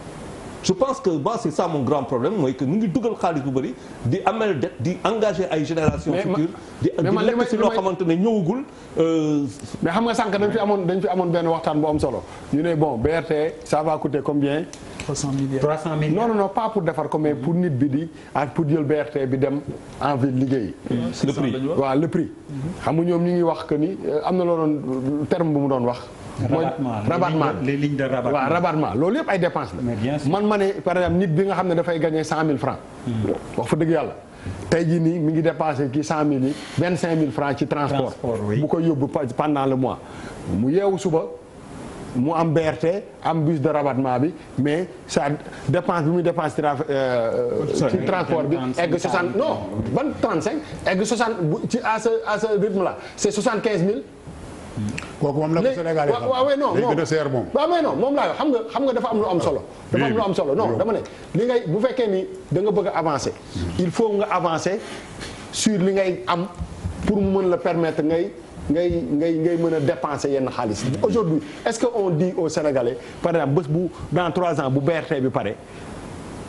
je pense que moi c'est ça mon grand problème mooy que ñu ngi dugal xaalis bu bëri di amel det di engagé ay génération future di lekk si loo xamante ne ñëwagul euh, mais xam nga sànq dañ fi amoon dañ fi amoon benn waxtaan bu am solo ñu ne bon BRT ça va coûter combien 300 milliards 300 milliards non non non pas pour defar ko mais pour nit bi di ak pour jël BRT bi dem en ville liggéey. Mm-hmm. le prix waaw le prix. xam nga ñoom ñu ngi wax que ni euh, am na loo doon terme bu mu doon wax. mooy rabattement les lignes de rabattement waaw rabattement loolu yëpp ay dépense la man ma par exemple nit bi nga xam ne dafay gagné cent mille francs hmm. wax fa dëgg yàlla tey jii nii mi ngi dépassé ci cent mille yi vingt cinq mille francs ci transport bu ko yóbbu pendant le mois mu yeewu suba mu am BRT am bus de rabattement bi mais sa dépense bi muy dépense ci euh, transport bi egg 60 non ban 35 egg 60 ci à ce à ce rythme là c'est 75 kooku moom la ko Sénégal yi xam waaw non moom waaw mais non moom laa yoo xam nga xam nga dafa am lu am solo dafa am lu am solo noonu dama ne li ngay bu fekkee ni danga bëgg a avancer il faut nga avancer sur li ngay am pour mu mën la permettre ngay ngay ngay ngay mën a dépenser yenn xaalis aujourd'hui est-ce que on dit au Sénégalais par exemple bés bu dans trois ans bu BRT bi pare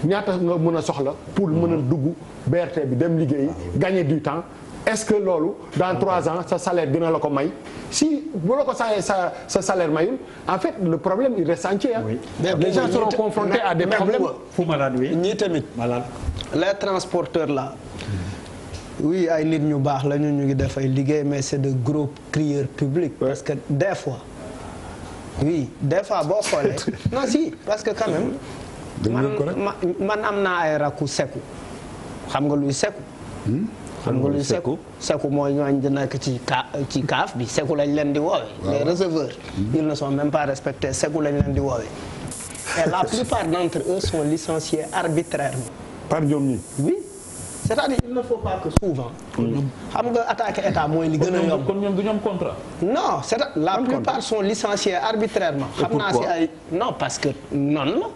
ñaata nga mën a soxla pour mën a dugg BRT bi dem liggéey gagner du temps est-ce que loolu dans trois ans sa salaire dina la ko may si bu la ko sa sa sa salaire mayul en fait le problème il reste entier oui. les gens seront confrontés à des ñii tamit malade les transporteurs là ay nit ñu baax la ñu ñu ngi def ay liggéey mais c'est de gros crieurs publics parce que des fois oui fois boo xoolee (laughs) non si parce que quand même man man am naa ay rakku seku xam nga luy seku hmm? xam nga lu seku seku mooy ñooñ di ci kaa ci kaaf bi seku lañ leen di woowe les receveurs mhm. ils ne sont même pas respectés seku lañ leen di woowe et la plupart d'entre eux sont licenciés arbitrairement par ñoom ñi oui c'est-à-dire il état mooy li gën a yomb. kon ñoom du ñoom contrat. non c'est la plupart parce que noonu la.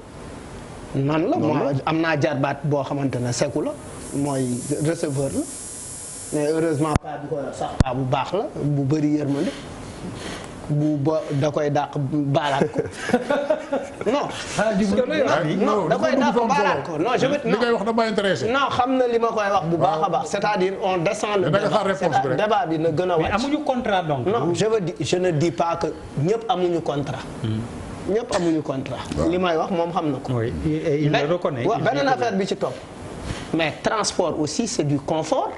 noonu la am naa jarbaat boo xamante ne seku la mooy receveur la. mais heureusement paa bi ko bu baax la bu bëri yërmande bu ba da koy dàq baalaat ko (laughs) ah, ah, non. non da koy dàq baalaat ko non je veux. li ngay wax da ma intéressé. non xam na li ma koy wax bu baax a baax. cest à on descend le débat bi na gën a wàcc. mais amuñu contrat donc. non ñëpp amuñu contrat. Hmm. li may wax moom xam na ko. oui il beneen affaire bi ci topp. mais transport aussi c'est du confort.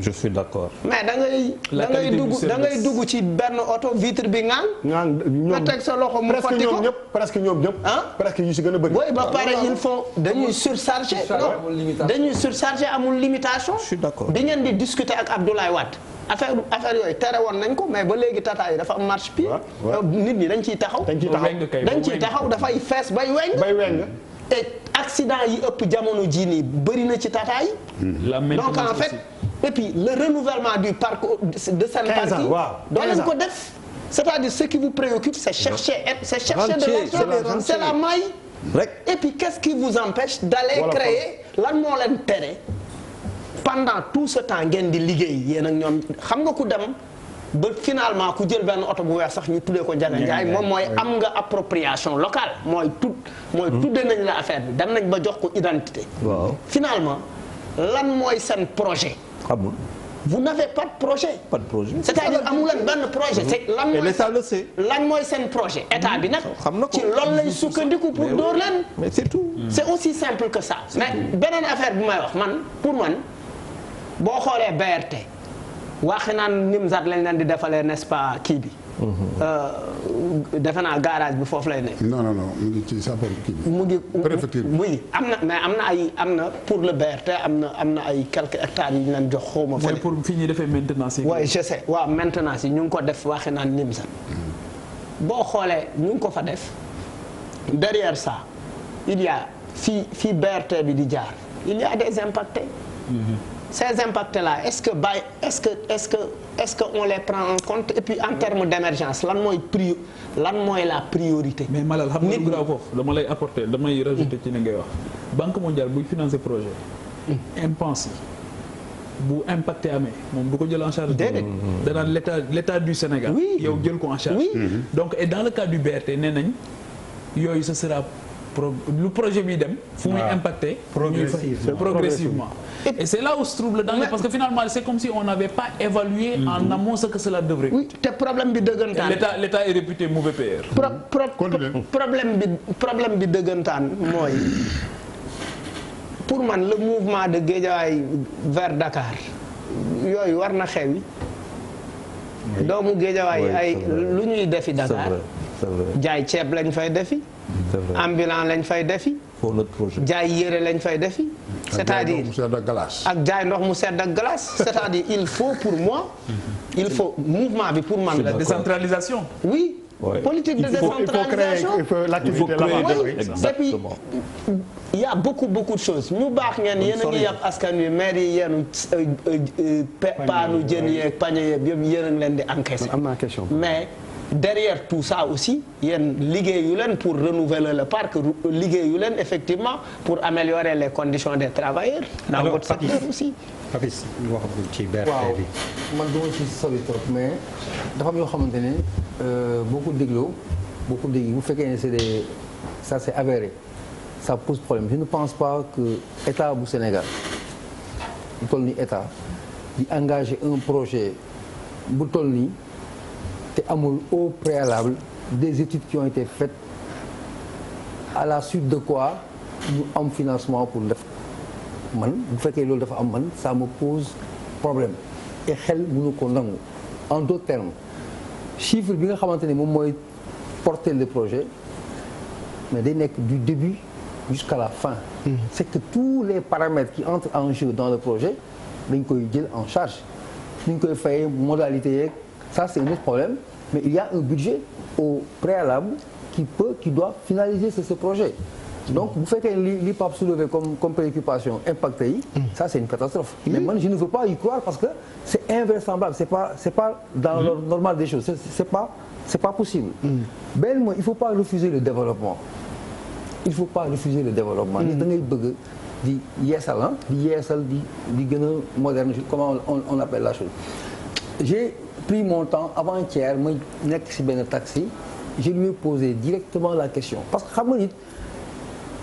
je suis mais da ngay da ngay dugg dugg ci benn oto vitre bi ngaan. ngaan ñoom nga teg sa loxo mu fàtti ko presque ñoom ñëpp presque ñu si gën a bëri. waaw ba pare il faut dañuy surchargé. dañuy surchargé amul limitation. je suis bi ngeen di discuter ak Abdoulaye Wade. affaire affaire yooyu tere woon nañ ko mais ba léegi tata yi dafa am marche pied. Euh, nit ñi dañ ciy taxaw. dañ ciy taxaw dañ ciy taxaw dafay fees bay weng. bay weng. te accident yi ëpp jamono jii nii bëri na ci tata yi. donc en fait. et puis le renouvellement du parc de seen parc yi doo leen ko def c'est-à-dire ce qui vous préoccupe c'est chercher c'est chercher de l'argent c'est la maille rek et puis qu'est-ce qui vous empêche d'aller créer lan moo leen tere pendant tout ce temps ngeen di liggéey yéen ak ñoom xam nga ku dem ba finalement ku jël benn oto bu weex sax ñu tuddee ko Njaga Njaay moom mooy am nga appropriation locale mooy tout mooy hmm. tuddee nañ la affaire bi dem nañ ba jox ko identité finalement lan mooy seen projet xamul. vous n'avez pas de projet. pas de projet c'est-à-dire amu leen benn projet. c'est lan mooy l'État le lan mooy seen projet état bi nag. xam na ci loolu lay sukkandiku pour dóor leen. mais hmm. c'est aussi simple que ça. mais beneen affaire bu may wax man pour man boo xoolee BRT. waaxi naan Nimzat lañ leen di defalee n'est-ce pas kii bi. Euh, defe naa garage bi foofu lay nekk. non non non mu ngi ci sapeur kii bi. mu ngi préfecture bi am na mais am na ay am na pour le BRT am na am na ay quelques hectares yu ñu leen jox xaw ma. fële pour fi ñuy defee maintenance yi. oui je waaw maintenance yi ñu ngi ko def waxi naan boo xoolee ñu ngi ko fa def derrière ça il y a fii fii bi di jaar il y a des impactés. Mm-hmm. ces impacts-là est-ce que bàyyi est-ce que est-ce que est-ce que on les prend en compte et mooy lan mooy la priorité. mais Malal xam nga lu grave foofu dama lay apporter damay rajouter ci li ngay wax. banque mondiale buy financer projet. Hmm. impense bu impacté amee moom du ko jël en charge. déedéet danaan l'état l'état du Sénégal. yow jël ko en charge. Mm-hmm. donc et dans le cas du BRT nee nañ yooyu ce sera pro lu projet bi dem. fu muy ah. impacté. progressivement progressivement. (laughs) Et c'est là où se trouve le danger parce que finalement c'est comme si on n'avait pas évalué mm-hmm. en amont ce que cela devrait te problème bi dëggantaan. l'état l'état est réputé mauvais père. problème bi dëggantaan mooy pour man le mouvement de Guédiawaye vers Dakar yooyu war na xewi doomu Guédiawaye ay lu ñuy defi Dakar. jaay ceeb lañ fay defi. ambulant lañ fay defi. pour notre projet jaay yére lañ fay defi. c'est-à-dire ak jaay ndox mu sedd ak glace. (laughs) c'est-à-dire il faut pour moi. il faut mouvement bi pour man. décentralisation. oui. Ouais. politique de décentralisation il faut l'activité baax ngeen yéen a ngi yàpp askan wi maire yi yenu euh, euh, euh, paanu jën yeeg pañe yeeg yëpp yéen leen di encaisser am naa question mais derrière tout ça aussi yéen liggéeyu leen pour renouveler le parc liggéeyu leen effectivement pour améliorer les conditions des travailleurs. dans votre secteur aussi. Papis wax ci BRT bi. man dama ci sori trop mais dafa am yoo xamante ne euh, boo ko dégloo boo ko dégg bu fekkee ne c'est des ça c'est avéré ça pose problème je ne pense pas que état bu Sénégal bu toll nii état di engager un projet bu toll nii. te amul au préalable des études qui ont été faites à la suite de quoi ñu am financement pour def man bu fekkee loolu dafa am man ça me pose problème et xel mënu ko nangu en d'autres termes chiffre bi nga xamante ni moom mooy porter le projet mais day nekk du début jusqu'à la fin mm -hmm. c'est que tous les paramètres qui entrent en jeu dans le projet dañ koy jël en charge ñu koy fayee modalité yeeg Ça, c'est un autre problème. Mais il y a un budget préalable qui doit finaliser ce, projet. Donc, vous faites l'IPAP soulevé comme, comme préoccupation impacté, mm. ça c'est une catastrophe. Mm. Mais moi, je ne veux pas y croire parce que c'est invraisemblable, c'est pas, c'est pas dans mm. le normal des choses, c'est pas, c'est pas possible. Mm. Ben, moi, il faut pas refuser le développement. Il ne faut pas refuser le développement. Mm. di yeesal gën a moderne comment on, on appelle la chose pris mon temps avant-hier ma nekk ci benn taxi je lui ai posé directement la question parce que xam nga nit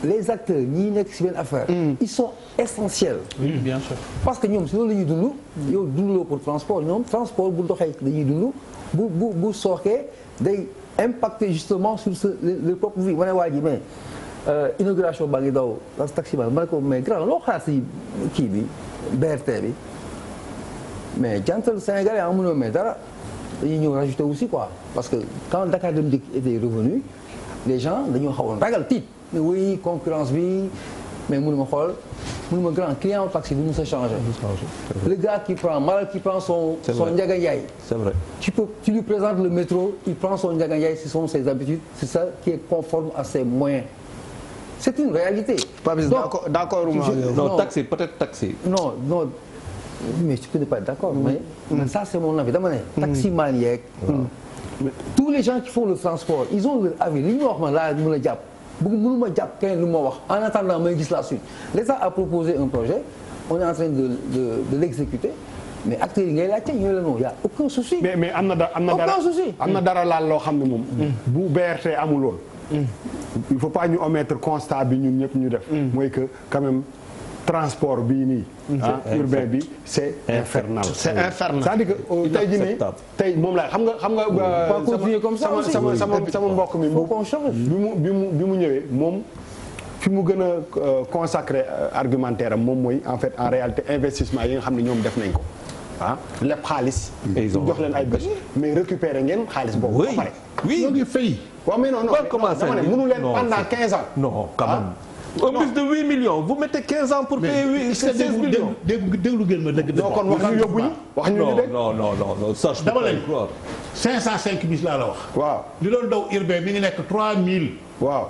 les acteurs ñi nekk ci benn affaire. Mm. ils sont essentiels. bien parce que ñoom si loolu la ñuy dund. Mm. yow dunduloo pour transport ñoom transport bu doxee dañuy dund bu bu bu sooxee day impacter justement sur sa le propre vie ma waa ji mais euh, inauguration baa ngi daw taxi ba ma ne ko mais grand loo xaar ci kii bi BRT bi. mais jantal sénégalais amunoo mais dara dañuy ñëw rajouter aussi quoi parce que quand Dakar Dem Dikk était revenu les gens dañoo xawoon ragal tiit mais oui concurrence bi mais mënu ma xool mënu ma grand client taxi bu mu sa changé le gars qui prend malal qui prend son son Ndiaga Ndiaye c'est vrai tu peux tu lui présentes le métro il prend son Ndiaga Ndiaye ce sont ses habitudes c'est ça qui est conforme à ses moyens c'est une réalité. Papis d'accord d'accord non taxi peut-être taxi. non mais tu peux ne pas être d'accord mais man mon avis dama ne taximan tous les gens qui font le transport ils ont leur avis li ñu wax man laa mën a jàpp bëgg mënuma ma wax en attendant may gis la suite l'État a proposé un projet on est en train de l'exécuter mais acteurs yi ngay laajte ñooy la noonu y' a aucun souci. mais mais am na am na dara am na dara laal loo xam ne moom. bu BRT amul woon. il faut pas ñu omettre constat bi ñun ñëpp ñu def. mooy que quand transport bi nii. Mhm. Ah, urbain bi c'est infernal. c'est infernal c'est-à-dire que euh, tey jii nii tey moom laay xam nga xam nga. Euh, sama sama sama mbokk mi. bi mu bi mu bi mu ñëwee moom. fi mu gën a euh, consacré argumentaire am moom mooy en fait en réalité investissement yi nga xam ne ñoom def nañ ko ah lépp xaalis. jox leen ay bés mais récupérer ngeen xaalis boobu. ba pare oui ñoo ngi fay. waaw leen pendant 15 ans. un bus de huit millions vous mettez quinze ans pour payer huit seize millions dégg déglu ngeen ma dëgg non kon wax ñu yóbbu ñu wax ñu dégg non non non non ça je peux pas y croire cinq cent cinq bus laa la wax waaw li doon daw urbain mi ngi nekk trois mille waaw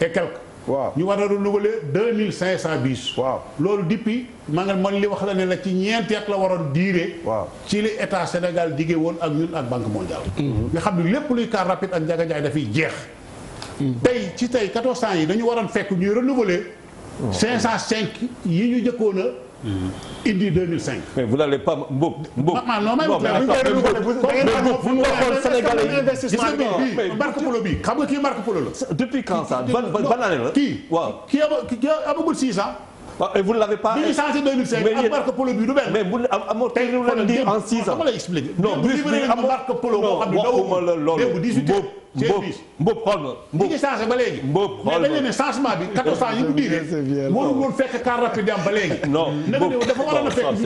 et quelques waaw ñu war a renouveler deux mille cinq cent bus waaw loolu depuis maa nga man li wax la ne la ci ñeenti at la waroon diire waaw ci li état Sénégal digee woon ak ñun ak banque mondiale mhm. nga xam ne lépp luy car rapide ak njaga njaay dafiy jeex tey ci tey quatorze ans yi dañu waroon fekk ñuy renouveler. cinq cent cinq yi ñu jëkkoon a indi 2005. mais vous n'allez pas Mboup. ne pas. 2005 ak marque polo bi du benn. mais bu amoo tey lu leen di en six ans. non bu marque polo boo xam ne dawul démb 18 mboob mboob xool ma. mboob ñu changé ba léegi. mboob xool ma a xam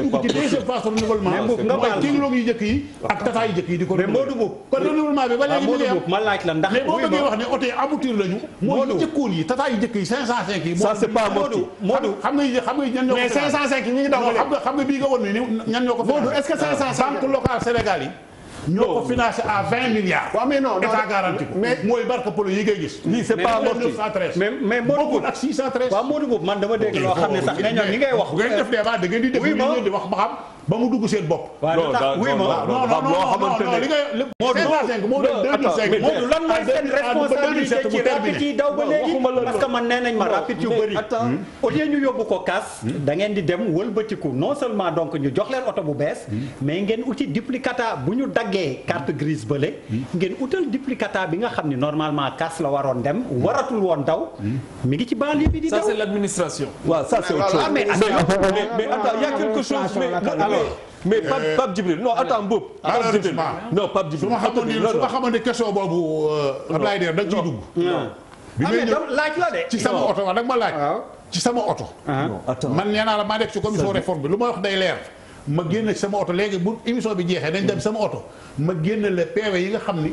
nga ñan ñoo ko. mais 505 ñu ngi daw xam nga bii nga woon ni ñan ñoo ko. Modou est-ce ah. Sénégal yi ñoo ko financé à 20 milliards. waaw mais non non état garanti ko. mais mooy barka polo yi ngay gis. lii c'est pas amorti mais mais bokkul ak 613. waaw Modou Boub man dama dégg loo xam ne sax ne ñoom ñi ngay wax. bu ngeen def débat da ngeen di def. ñu di wax ba xam ba mu dugg seen bopp. waaw oui ma non non non li ngay. Modou moo dem 2005 Modou lan mooy seen responsabilité ci rapide yi daw ba léegi parce que man nee nañ ma rapide yu bëri. Hmm? au lieu ñu yóbbu ko kaas. Hmm? da ngeen di dem wëlbatiku non seulement donc ñu jox leen oto bu bees. Hmm? mais ngeen uti duplicata bu ñu dagg daggee carte grise bële ngeen utal duplicata bi nga xam ne normalement kaas la waroon dem waratul woon daw mi ngi ci banlieue bi di daw ça c'est l'administration waaw ça c'est autre ah, chose mais mais ah, attends il y a quelque chose mais mais Pape Pape Djibril su ma xamoon ne question boobu euh, Ablaye Der dugg. bi ah, may laaj la de. ci sama oto wax nag ma laaj. ci sama oto. man nee la maa nekk ci commission réforme bi lu ma wax day leer. ma génn sama oto léegi bu émission bi jeexee nañ dem sama oto ma génn la PV yi nga xam ni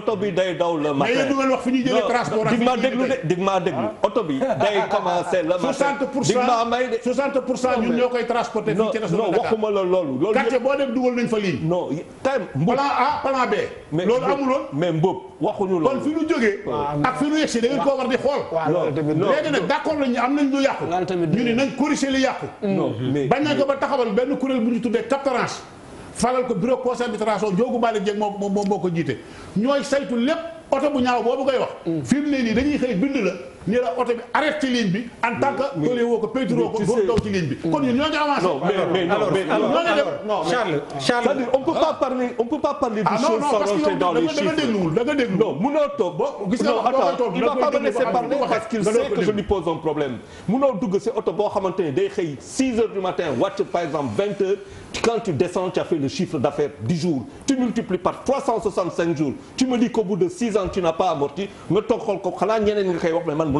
oto bi day daw le matin. mais yéen ngeen wax A plan B. mais loolu fi ñu jógee. Ah, ak fi ñu yegsi da ngeen koo war di xool. waaw loolu nag d' accord nañ am nañ lu yàqu. ñu ne nañ corriger li yàqu. Mm. bañ nañ ba taxawal benn kuréel bu ñu tuddee captarance falal ko bureau conseil d'administration Ndiogou Malick Dieng moo moo moo ko jiite ñooy saytu lépp oto bu ñaaw boobu ngay wax. Mm. fi mu ne nii dañuy xëy bind la. nee na oto bi arrêté ligne bi en tant que doole woo ko pétrole woo ko doon daw ci ligne bi. kon ñun ñoo ngi avancé. non mais non Charles Charles on peut pas ah. parler on peut pas parler. ah non non parce que da nga dégluwul da nga déglu. non munoo toog ba. gis nga attends il va pas me laisser parler parce qu'il sait que je lui pose un problème. munoo dugg si oto boo xamante ne day xëy 6 heures du matin wàcc par exemple 20 heures quand tu descends tu as fait le chiffre d'affaires du jour tu multiplies par 365 jours tu me dis qu'au bout de 6 ans tu n'as pas amorti nga toog xool ko xanaa ñeneen nga koy wax mais man.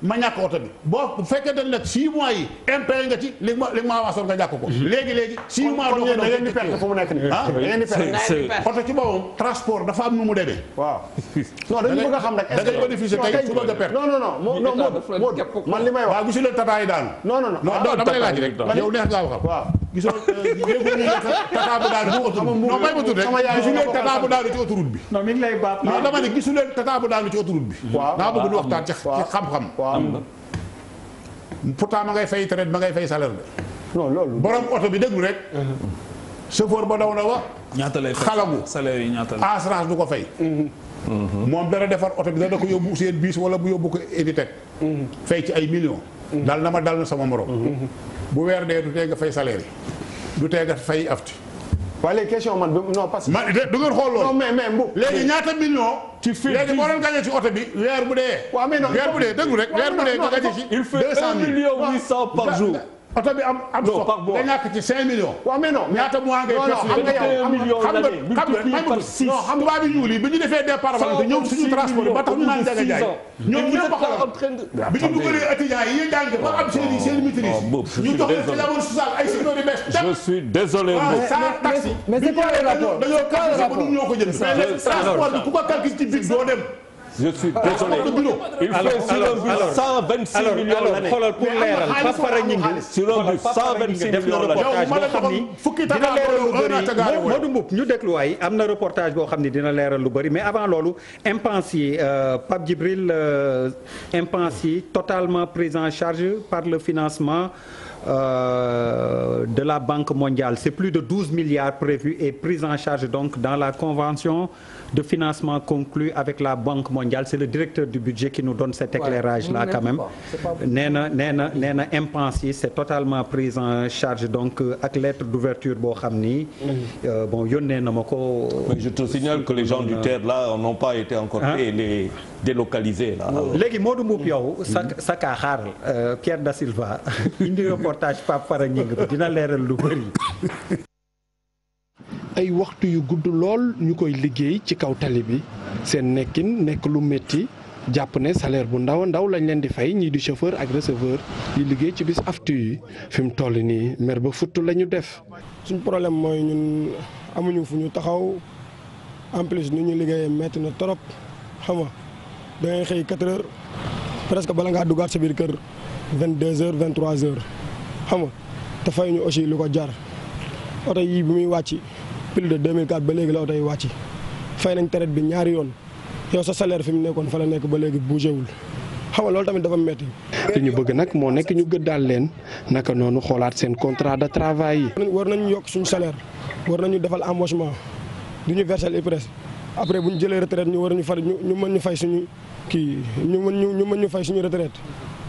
ma ñàkk oto bi boo bu fekkee dañ nag 6 mois yi impayé nga ci li ma li ma avancer nga ñàkk ko. Mm-hmm. léegi léegi 6 mois doo ko doon nekk nii. ah ngeen di perte oto ci boppam transport dafa am nu mu demee. waaw (laughs) non dañu bëgg xam rek. da ngay bénéficier tey su bëgg a perte. gisoo yéegul euh, (laughs) ñu tata bu daanu ci autoroute non may ma tudd rek gisu leen tata bu daanu ci bi non mi ngi lay baab non dama ne gisu leen ci autoroute xam-xam pourtant ma ngay fay traite ma ngay fay salaire de non loolu borom oto bi déglu rek uh-huh. chauffeur ba daw na wa ñaata lay fay xalagu salaire yi ñaata la assurance du ko fay uh-huh. moom dana defar oto bi dana ko yóbbu seen biis wala bu yóbbu ko Editec uh-huh. fay ci ay millions dal na ma dal na sama morom. bu weer dee du tee nga fay salaire yi du tee nga fay afti. waaye léegi question man non parce que. man de du ngeen xool loolu. non léegi ñaata million. ci fil léegi boo doon gagné oto bi weer bu dee. waaw mais non weer bu dee déglu rek weer bu dee nga gagné ci. oto bi am am sox nga ñàkk yow xam nga xam nga bi ñuul yi bi ñu defee départ wala ñoom transport ba tax ñu naan jaga jaay ñoom bi ñu dugalee étudiants yi jàng ba am seen seen maîtrise ñu jox leen lamoon social ay signaux de baisse je suis désolé ah, sa taxi mais c'est quoi le rapport dañoo calculer ba ñoo ko bi ko calcule ci biir doo je suis ah, désolé il fait sur un am na reportage boo xam ne dina leeral lu bëri mais avant loolu impensé euh, Pape Djibril euh, impensé totalement pris charge par le financement euh, de la Banque mondiale c'est plus de 12 milliards prévus et pris en donc dans la convention de financement conclue avec la Banque mondiale mondiale c'est le directeur du budget qui nous donne cet éclairage là quand même nee na nee na nee na impenses yi c'est totalement pris en charge donc euh, ak lettre d'ouverture boo xam ni mm. euh, bon yónnee na ma ko mais je te signale que les gens du TER là n'ont pas été encore payés les délocalisés là léegi Modou Mboup sa sa kaa xaaral euh, Pierre da Silva (laughs) indi reportage Pape Fara dina leeral lu (laughs) ay waxtu yu gudd lool ñu koy liggéey ci kaw tali bi seen nekkin nekk lu métti jàpp ne salaire bu ndaw ndaw lañ leen di fay ñii di chauffeur ak receveur yi liggéey ci bis aftu yi fi mu toll nii mer ba futt la ñu def. suñ problème mooy ñun amuñu fu ñu taxaw en plus nu ñu liggéeyee métti na trop xam nga da xëy 4 heures presque bala nga duggaat sa biir kër 22 heures 23 heures xam nga te fay ñu aussi lu ko jar oto yii bi muy wàcc. plus de 2004 ba léegi la oto yi wàcc fay nañ traite bi ñaari yoon yow sa salaire fi mu nekkoon fa la nekk ba léegi bougé wul xam nga loolu tamit dafa metti li ñu bëgg nag moo nekk ñu gëddaal leen naka noonu xoolaat seen contrat de travail yi. war nañu yokk suñu salaire war nañu defal embauchement du ñu verser IPRES après bu ñu jëlee retrait ñu war ñu far ñu mën ñu fay suñu kii ñu mën ñu mën ñu fay suñu retraite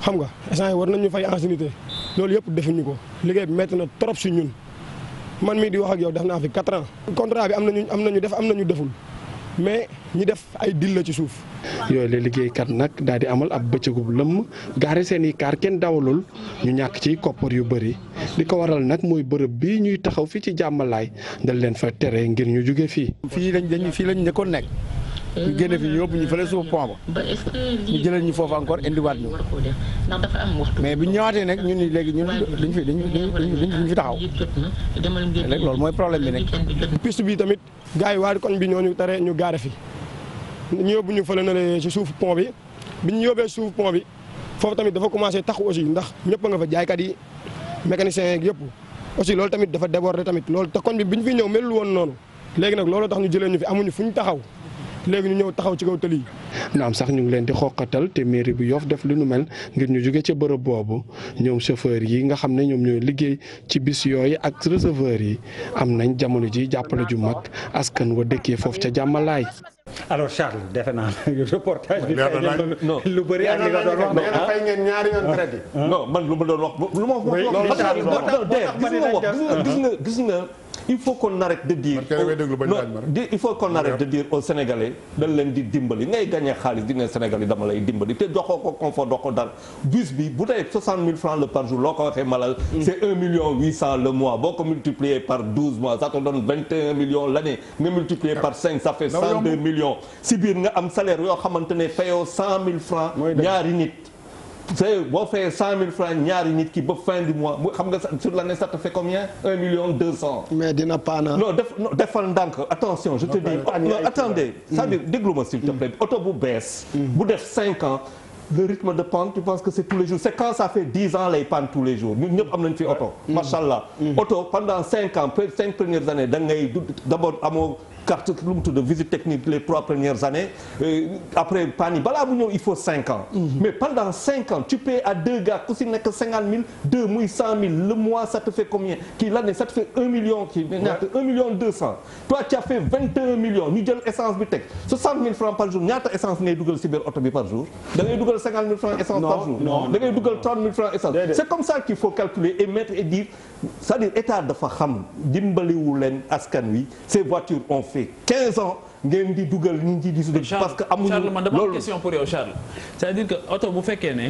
xam nga instant war nañu fay ancienneté loolu yëpp defuñu ko liggéey bi metti na trop si ñun. man mii di wax ak yow def naa fi 4 ans. contrat bi am na ñu am na def am na ñu deful mais ñi def ay dil la ci suuf. yooyu la liggéeykat nag daal di amal ab bëccëgub lëmm gaare seen i kaar kenn dawalul ñu ñàkk ci koppar yu bëri li ko waral nag mooy bërëb bii ñuy taxaw fii ci jàmmalaay dañ leen fa tere ngir ñu jóge fii. fii lañ dañ fii lañ nekkoon nekk. ñu génne fi ñu yóbbu ñu fële suuf pont ba ñu jëlee ñu foofu encore indiwaat ñu mais bi ñu ñëwaatee nag ñu ni léegi ñun duñ fi duñ duñ fi taxaw léegi loolu mooy problème bi nekk piste bi tamit gars yi waa koñ bi ñooñu tare ñu gaare fi ñu yóbbu ñu fële na le si suuf pont bi bi ñu yóbbee suuf pont bi foofu tamit dafa commencé taxu aussi ndax ñëpp nga fa jaaykat yi mécaniciens yeeg yëpp aussi loolu tamit dafa déborder tamit loolu te koñ bi bi ñu fi ñëw melul woon noonu léegi nag loolu tax jëlee ñu fi amuñu fu ñu taxaw léegi ñu ñëw taxaw ci kaw tëli ñu am sax ñu ngi leen di xoqatal te mairie bu Yoff def lu nu mel ngir ñu jóge ca bërëb boobu ñoom chauffeur yi nga xam ne ñoom ñoo liggéey ci bis yooyu ak receveur yi am nañ jamono ji jàppale ju mag askan wa dëkkee foofu ca jàmmalaay alors Charles defe naa (laughs) reportage bi lu bëri ak li nga doon wax ma ma wax gis nga gis nga il faut qu'on arrête de dire il faut qu'on leen di dimbali ngay gagné xaalis di ne Sénégalais dama lay dimbali te doxoo ko confort dox ko dara bi bu dee 60 000 francs le par jour loo ko waxee malal mm. c'est 1 million 800 le mois boo ko multiplié par 12 mois ça te donne 21 millions l'année nga multiplié par 5 ça fait 102 millions si biir nga am salaire yoo xamante ne fayoo 100 000 francs ñaari nit c'est boo fayee cent mille francs nit ki ba fin du mois xam nga sur l'année ça te fait combien un million deux cent. mais dina paana. non def defal ndànk attention je te dis. non attendez. cest dire déglu ma s'il te plaît oto mm. bu bees. Mm. bu def cinq ans. le rythme de pente tu penses que c'est tous les jours c'est quand ça fait dix ans lay pente tous les jours ñun ñëpp am nañ fi oto. macha mm. allah oto pendant cinq ans cinq premières années da ngay d'abord amoo. carte lu mu tudd visite technique les trois premières années euh, après pani balaa bu ñëw il faut cinq mhm. mais pendant cinq tu paies à deux ku si nekk cinquante le mois ça te fait combien kii l'année ça te fait un million kii ñaata un million deux cent toi tu as fait vingt et un essence bi mille francs par jour ñaata essence ngay dugal si biir par jour da dugal cinquante essence par jour c'est comme ça qu'il faut calculer et mettre et dire c'est-à-dire état fait 15 ans ngeen di dugal ñu ngi ciy discuter. parce que amuñu loolu Charles man dama am question pour yow Charles. c'est-à-dire que oto bu fekkee ne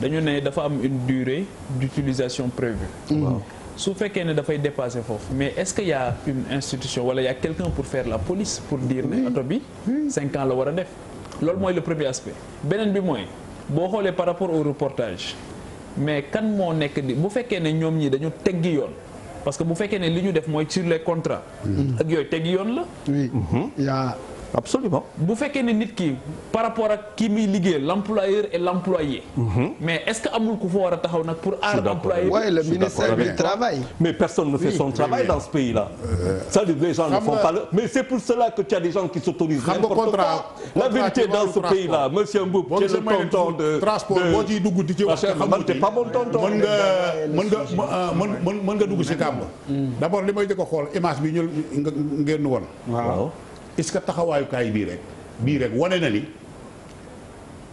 dañu ne dafa am une dure d'utilisation prévue. Mmh. su fekkee ne dafay dépasser foofu mais est-ce que y a une institution wala y a quelqu'un pour fair la police pour dire ne oto bi 5 ans la war a def. loolu mooy le premier aspect beneen bi mooy boo xoolee par rapport au reportage mais kan moo nekk di bu fekkee ne ñoom ñi dañu teggi yoon. parce que bu fekkee ne li ñu def mooy sur les contrats. ak yooyu teg yoon la. oui. Mhm. y' absolument bu fekkee ne nit kii par rapport ak kii muy liggéeyal l' employeur et l' employé. Mhm. mais est ce que amul ku fa war a taxaw nag pour. aar employé waaye le ministère du travail. mais personne ne fait son travail dans ce pays là. ça veut dire mais c' pour cela que tu as gens qui s' autorisent. dans ce pays là monsieur Mboup. c' est le transport boo ciy dugg di ci wax. xamul te pas mon tonton. mën nga nga euh, mën nga dugg si kàmb. d' abord li may jëkk a xool image bi ñu ngeen est-ce que taxawaayukaay bii rek bii rek wane na ni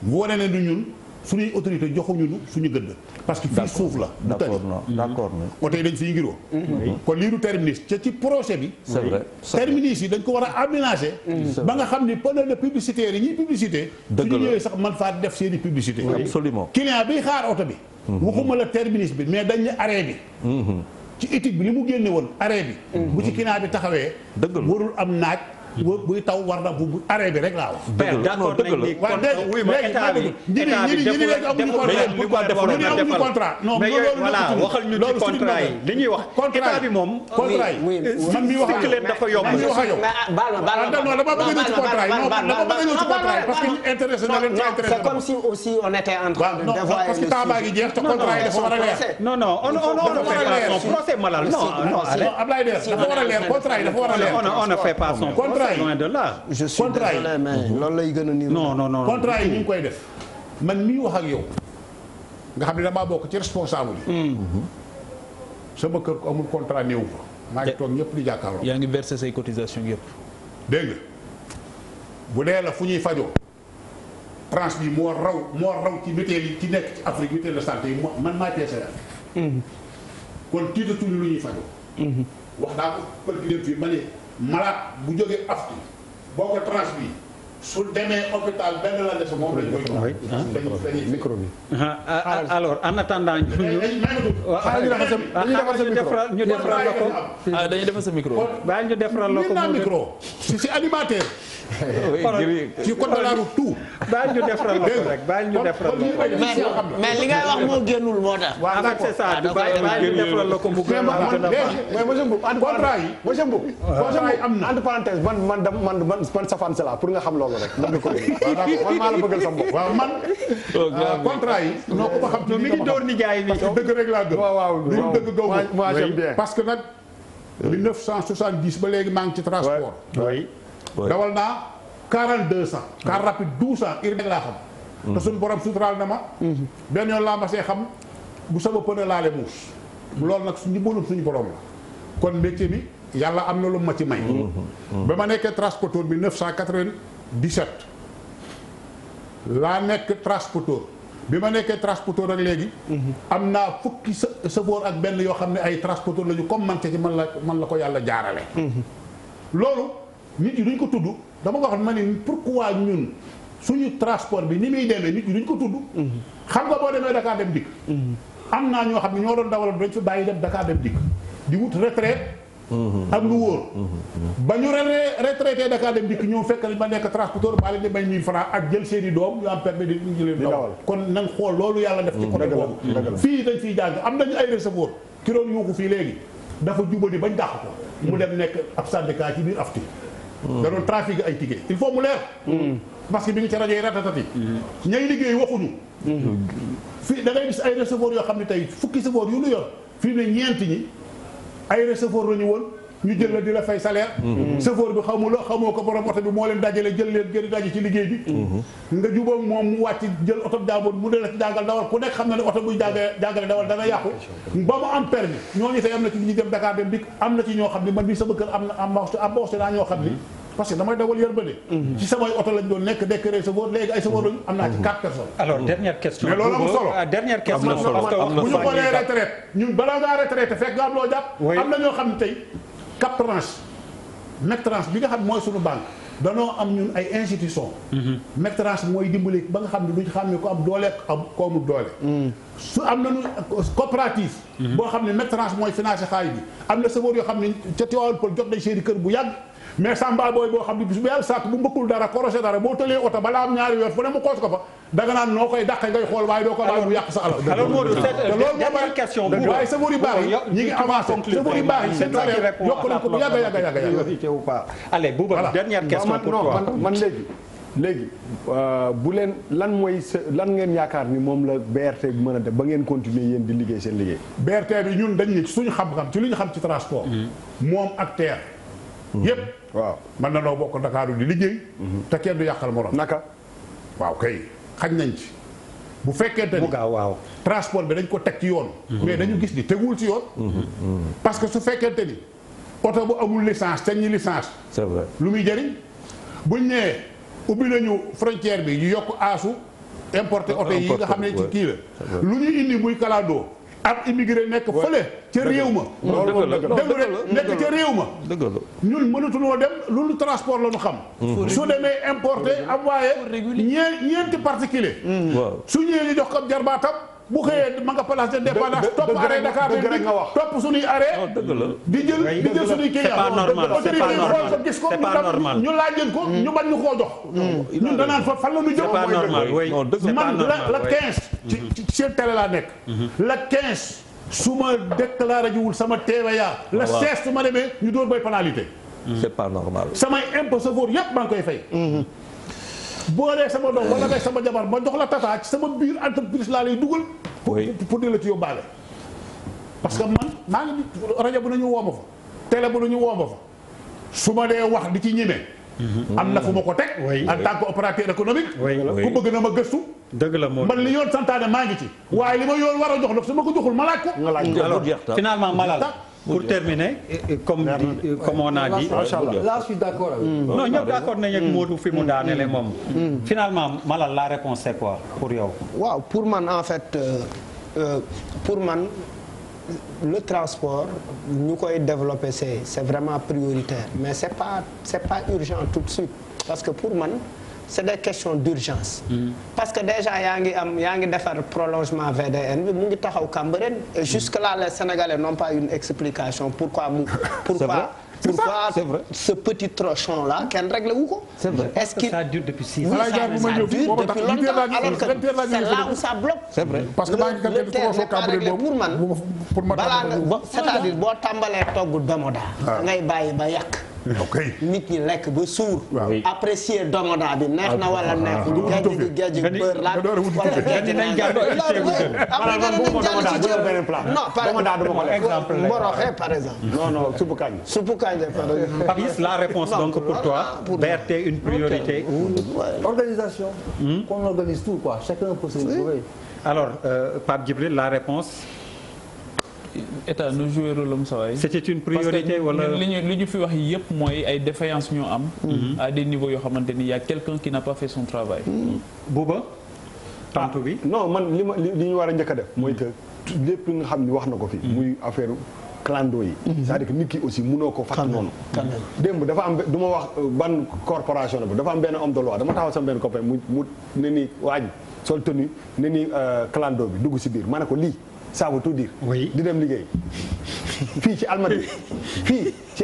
wane na du ñun suñuy autorité joxuñu ñu gëdd. parce que fii suuf la. du tali d'accord oto yi dañ fiy ngiroo. kon lii du terminus ca ci projet bi. c'est vrai terminus yi dañ ko war a aménager. ba nga xam ni panneau de publicitaire yi ñuy publicité. dëgg la suñu ñëwee sax man faa def seen i publicité. absolument client bi xaar oto bi. Mhm. waxuma la terminus bi mais dañ ne arrêt bi. Mhm. ci étude bi li mu génne woon arrêt bi. Mhm. bu ci client bi taxawee. dëgg warul am naaj. buy taw war na bu arrêt bi rek laa wax. dëgg la non dëgg la waaw dégg nga état bi état bi amuñu contrat non waxal ñu ci contrat yi li ñuy wax. état bi moom. contrat yi man mi wax ak yow dafa yomb. man mi wax ak yow ah, non dama bëgg a ñëw ci contrat yi non dama bëgg a ñëw ci contrat yi parce que intéressé na leen. c'est comme si aussi on était en train de. parce que temps baa ngi jeex te contrat yi dafa war a leer. non non on on on ne fait pas son procès malal. non non Ablaye Der dafa war a leer contrat yi dafa war a leer. on ne fait pas son contrat contrat yi loin de là. je suis désolé mais mhm. loolu lay gën a niir. non non non contrat yi ñu ngi koy def man mii wax ak yow nga xam ne damaa bokk ci responsable yi. Hmm. Mhm. sama kër ko amul contrat néew fa. maa ngi toog ñëpp di jàkkaarloo. yaa ngi versé say cotisation yëpp. dégg nga bu dee la fu ñuy fajoo. France bi moo raw moo raw ci mutuelle yi ci nekk ci Afrique mutuelle de santé yi man maa cee seetaan. Hmm. kon tiitatul lu ñuy fajoo. Hmm. wax daa ko pël gi dem fii ma ne malade bu jógee Afrique boo ko transmis su demee hôpital benn la des moom lañ koy ah. micro bi ah, ah, alors en attendant ñu ñu ñu defaral la ko dañuy defar sa micro baa ñu defaral la ko micro si si ci code de la route tout. baal moo génnul moo tax. a baax. mais monsieur yi am na man man dam man man man safaan si la pour nga xam loolu rek. man ko man maa la bëggal sama waaw man contrat yi. noo ko ma xam ci mi ngi door ni jaay bi. parce que dëgg rek laa gëm. waaw waaw waaw dëgg gaw parce que nag ba léegi maa ngi ci transport. dawal naa 42 cent. car rapide 12 cent urbain laa xam. te suñu borom suturaal na ma. benn yoon laa masee xam bu sama pëne laale muus. loolu nag suñu mënul suñu borom la kon métier mi yàlla am na lu ma ci may. Mm-hmm. Mm-hmm. ba ma nekkee transporteur bi 997. laa nekk transporteur bi ma nekkee transporteur ak léegi. Mm-hmm. am naa fukki sa sëfoor ak benn yoo xam ne ay transporteur lañu comme man te ci man la man la ko yàlla jaarale. loolu. nit yi duñ ko tudd dama ko wax ma ne pourquoi ñun suñu transport bi ni muy demee nit yi duñ ko tudd. xam nga boo demee Dakar dem dikk. Mm-hmm. am naa ñoo xam ne ñoo doon dawal dañ fi bàyyi dem Dakar dem dikk di wut retraite. am mm-hmm. lu wóor. Mm-hmm. ba ñu retraité Dakar dem dikk ñoom fekk nañ ma nekk transporteur baa leen di may 1000 francs kon nañ xool loolu yàlla def. ci côté boobu fii dañ fiy jàng am nañu ay receveur ki doon fii léegi dafa jubali bañ dàq ko. mu dem nekk ab syndicat ci biir AFTU. da doon ay ticket il faut mu leer. parce que bi nga ci rajo yi ratatati. ñay liggéey waxuñu. fii da ngay gis ay receveur yoo xam ne tey fukki receveur yu lu yor fii ne ñeent ñi ay receveur la ñu woon. ñu jël la di la fay salaire chauffeur mhm. bi xamu xamoo ko borom oto bi moo leen dajale jël leen gën a ci liggéey bi mhm. nga jubóog moom mu wàcc jël oto bi jàmbur mu yàqu ba mu am permis ñooñu ñu dem am na ci ñoo xam am na am embauché mhm. naa ñoo solo ah, dernière ñu xoolee retraite ñun balaa ngaa retraite fekk nga am loo jàpp am na ñoo xam ne tey cap tranche nag tranche bi nga xam mooy suñu banque danoo am ñun ay institution nag mhm. tranche mooy dimbali ba nga xam ne duñ xam ne ko am doole am koomu doole mm. su am nañu coopérative mhm. boo xam ne nag tranche mooy financé xaalis bi am na savóor yoo xam ne ca Tivaouane Peulh jot nañ seeni kër bu yàgg mais samba booy boo xam ne bis bu yàlla sàkk bu mbëkkul dara korosé dara boo tëlee oto balaa am ñaari yoon fu ne mu koos ko fa danga naan noo koy dàqe ngay xool waaye doo ko bàyyi mu yàq sa alal alors Modou dernière question waaye savour yi baax yi ñi ngi avancé savour yi baax yi seen salaire yokk nañ ko bu yàgg yàgg yàgg yàgg ou pas allez Bouba dernière question pour toi man léegi léegi euh, bu leen lan mooy lan ngeen yaakaar ni moom la BRT bi mën a def ba ngeen continuer yéen di liggéey seen liggéey BRT bi ñun dañ ne suñu xam-xam ci li ñu xam ci transport mm-hmm. moom ak terre yëpp waaw mën na noo bokk ndakaaru di liggéey mhm. te kenn du yàqal morom naka waaw kay xaj nañ ci bu fekkee te ni waaw transport bi dañ ko teg ci yoon mhm. mais dañu gis ni tegul ci yoon mhm. parce que su fekkente ni oto bu amul licence te ñi licence lu muy jëriñ buñ nee ubbi nañu frontière bi ñu yokk aasu importe oto yi nga xam ne ci kii la lu ñu indi muy kalandoo ab immigré nekk fële ca réew ma déglu rek nekk ca réew ma ñun mënatunoo dem loolu transport la ñu xam su demee importé envoyé ñee ñeenti particulier su ñëwee ñu jox ko jarbaatam bu xëyee ma nga place de dépendance topp arrêt Dakar bi topp suñuy arrêt di jël di jël suñuy client autorité xool ko gis ñu ko mm. ñu bañ ñu koo jox danaan fa fan la ñu jëm man la mm-hmm. laa nekk mm-hmm. la quinze su ma déclaré jiwul sama TVA la ah, seize su ma demee ñu doon booy pénalité mm-hmm. c'est pas normal samay impôt sa vóor yépp maa ngi koy fay boo nee sama doom wala nee sama jabar ma jox la tata ci sama biir entreprise laa lay dugal. pour di la ci yóbbaale. parce que man maa ngi rajo bu nañu woo ma fa télé bu nañu woo ma fa su ma dee wax di ci ñeme. Mhm. am na fu ko teg. a tant que opérateur économique. ku bëgg na ma gëstu. dëgg la man li yoon santaane maa ngi ci. waaye li ma yoon war a jox nag su ma ko joxul ma laaj ko. nga laaj ko pour terminer comme euh, comme on a dit. là je suis d'accord avec mm. non ñëpp d'accord nañu ak Modou fi mu mm. daanele mm. moom. finalement Malal la réponse c'est pour yow. waaw pour man en fait euh, euh, pour man le transport ñu koy développer c'est c'est vraiment prioritaire mais c'est pas c'est pas urgent tout de suite parce que pour man. c' est des questions d' urgence. parce que déjà yaa ngi am yaa ngi defar prolongement VDN bi mu ngi taxaw Cambérène. et jusque là les Sénégalais n'ont pas une explication pourquoi mu. pourquoi pourquoi ce petit trochon là kenn réglé wu ko. c' est ce que ça dure depuis six ans. ça dure parce que le terre réglé pour man. balaa nga c'est-à-dire boo tàmbalee togg domoda. ngay bàyyi ba yàq. ok nit ñi lekk ba suur. apprécier domoda bi neex na ah, wala neex. du gàjj gi gàjj gi bër laaj. wala gàjj nañ jàll ci ceeb non par exemple mboroxe par exemple. non non suppu kànja. suppu kànja par exemple. Papis la réponse donc pour toi. BRT une priorité. organisation. Hmm? qu'on organise tout quoi chacun pour se retrouver. alors euh, Pape Djibril la réponse. état nu joué rôle am sa waay. li ñu li ñu fi wax yëpp mooy ay défaillance ñoo am. Mhm. à des niveau yoo xamante ni y a quelqu'un qui n'a pas fait son travail. Mhm. Bouba. tontu bi ah, no man li ma li ñu war a njëkk def. mooy que lépp nga xam ne wax na ko fi. Mhm. muy affaire clando yi. c'est-à-dire nit ki aussi munoo ko fàtt noonu. démb dafa am du ma wax euh, ban corporation la dafa am benn homme de loi dama taxaw sama benn copain mu mu ne ni waaj sol tenue ne ni euh, clando bi dugg si biir ma ne ko lii. ça veut tout dire. di dem liggéey. fii ci almadi fii ci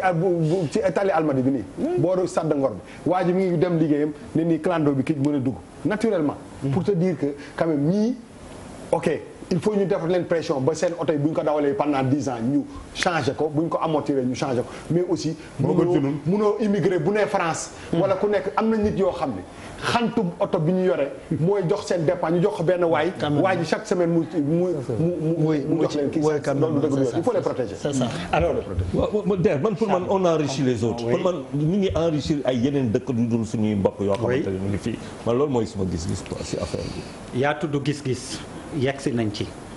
ci tali almadi bi nii. boo sàdd ngor bi waa ji mi ngi dem liggéeyam ne nii clando bi kii mën a dugg naturellement. pour te dire que quand ñii ok. il faut ñu def leen pression ba seen oto yi bu ñu ko dawalee pendant dix ans ñu changé ko bu ñu ko amortiré ñu changé ko mais aussi. mënoo mënoo immigré bu nee France. Hmm. wala ku nekk am na nit yoo xam ne. xantum oto bi ñu yore mooy jox seen dépense ñu jox ko benn waay waay ji chaque semaine mu mu mu mu jox leen kii loolu dëgg yooyu il faut les protéger c'est ça alors man pour man on enrichit les autres man ñu ngi enrichir ay yeneen dëkk du dul suñuy mbokk yoo xamante ne ñu ngi fii man loolu mooy suma gis-gis quoi si affaire bi yaa tudd gis-gis yegg si nañ ci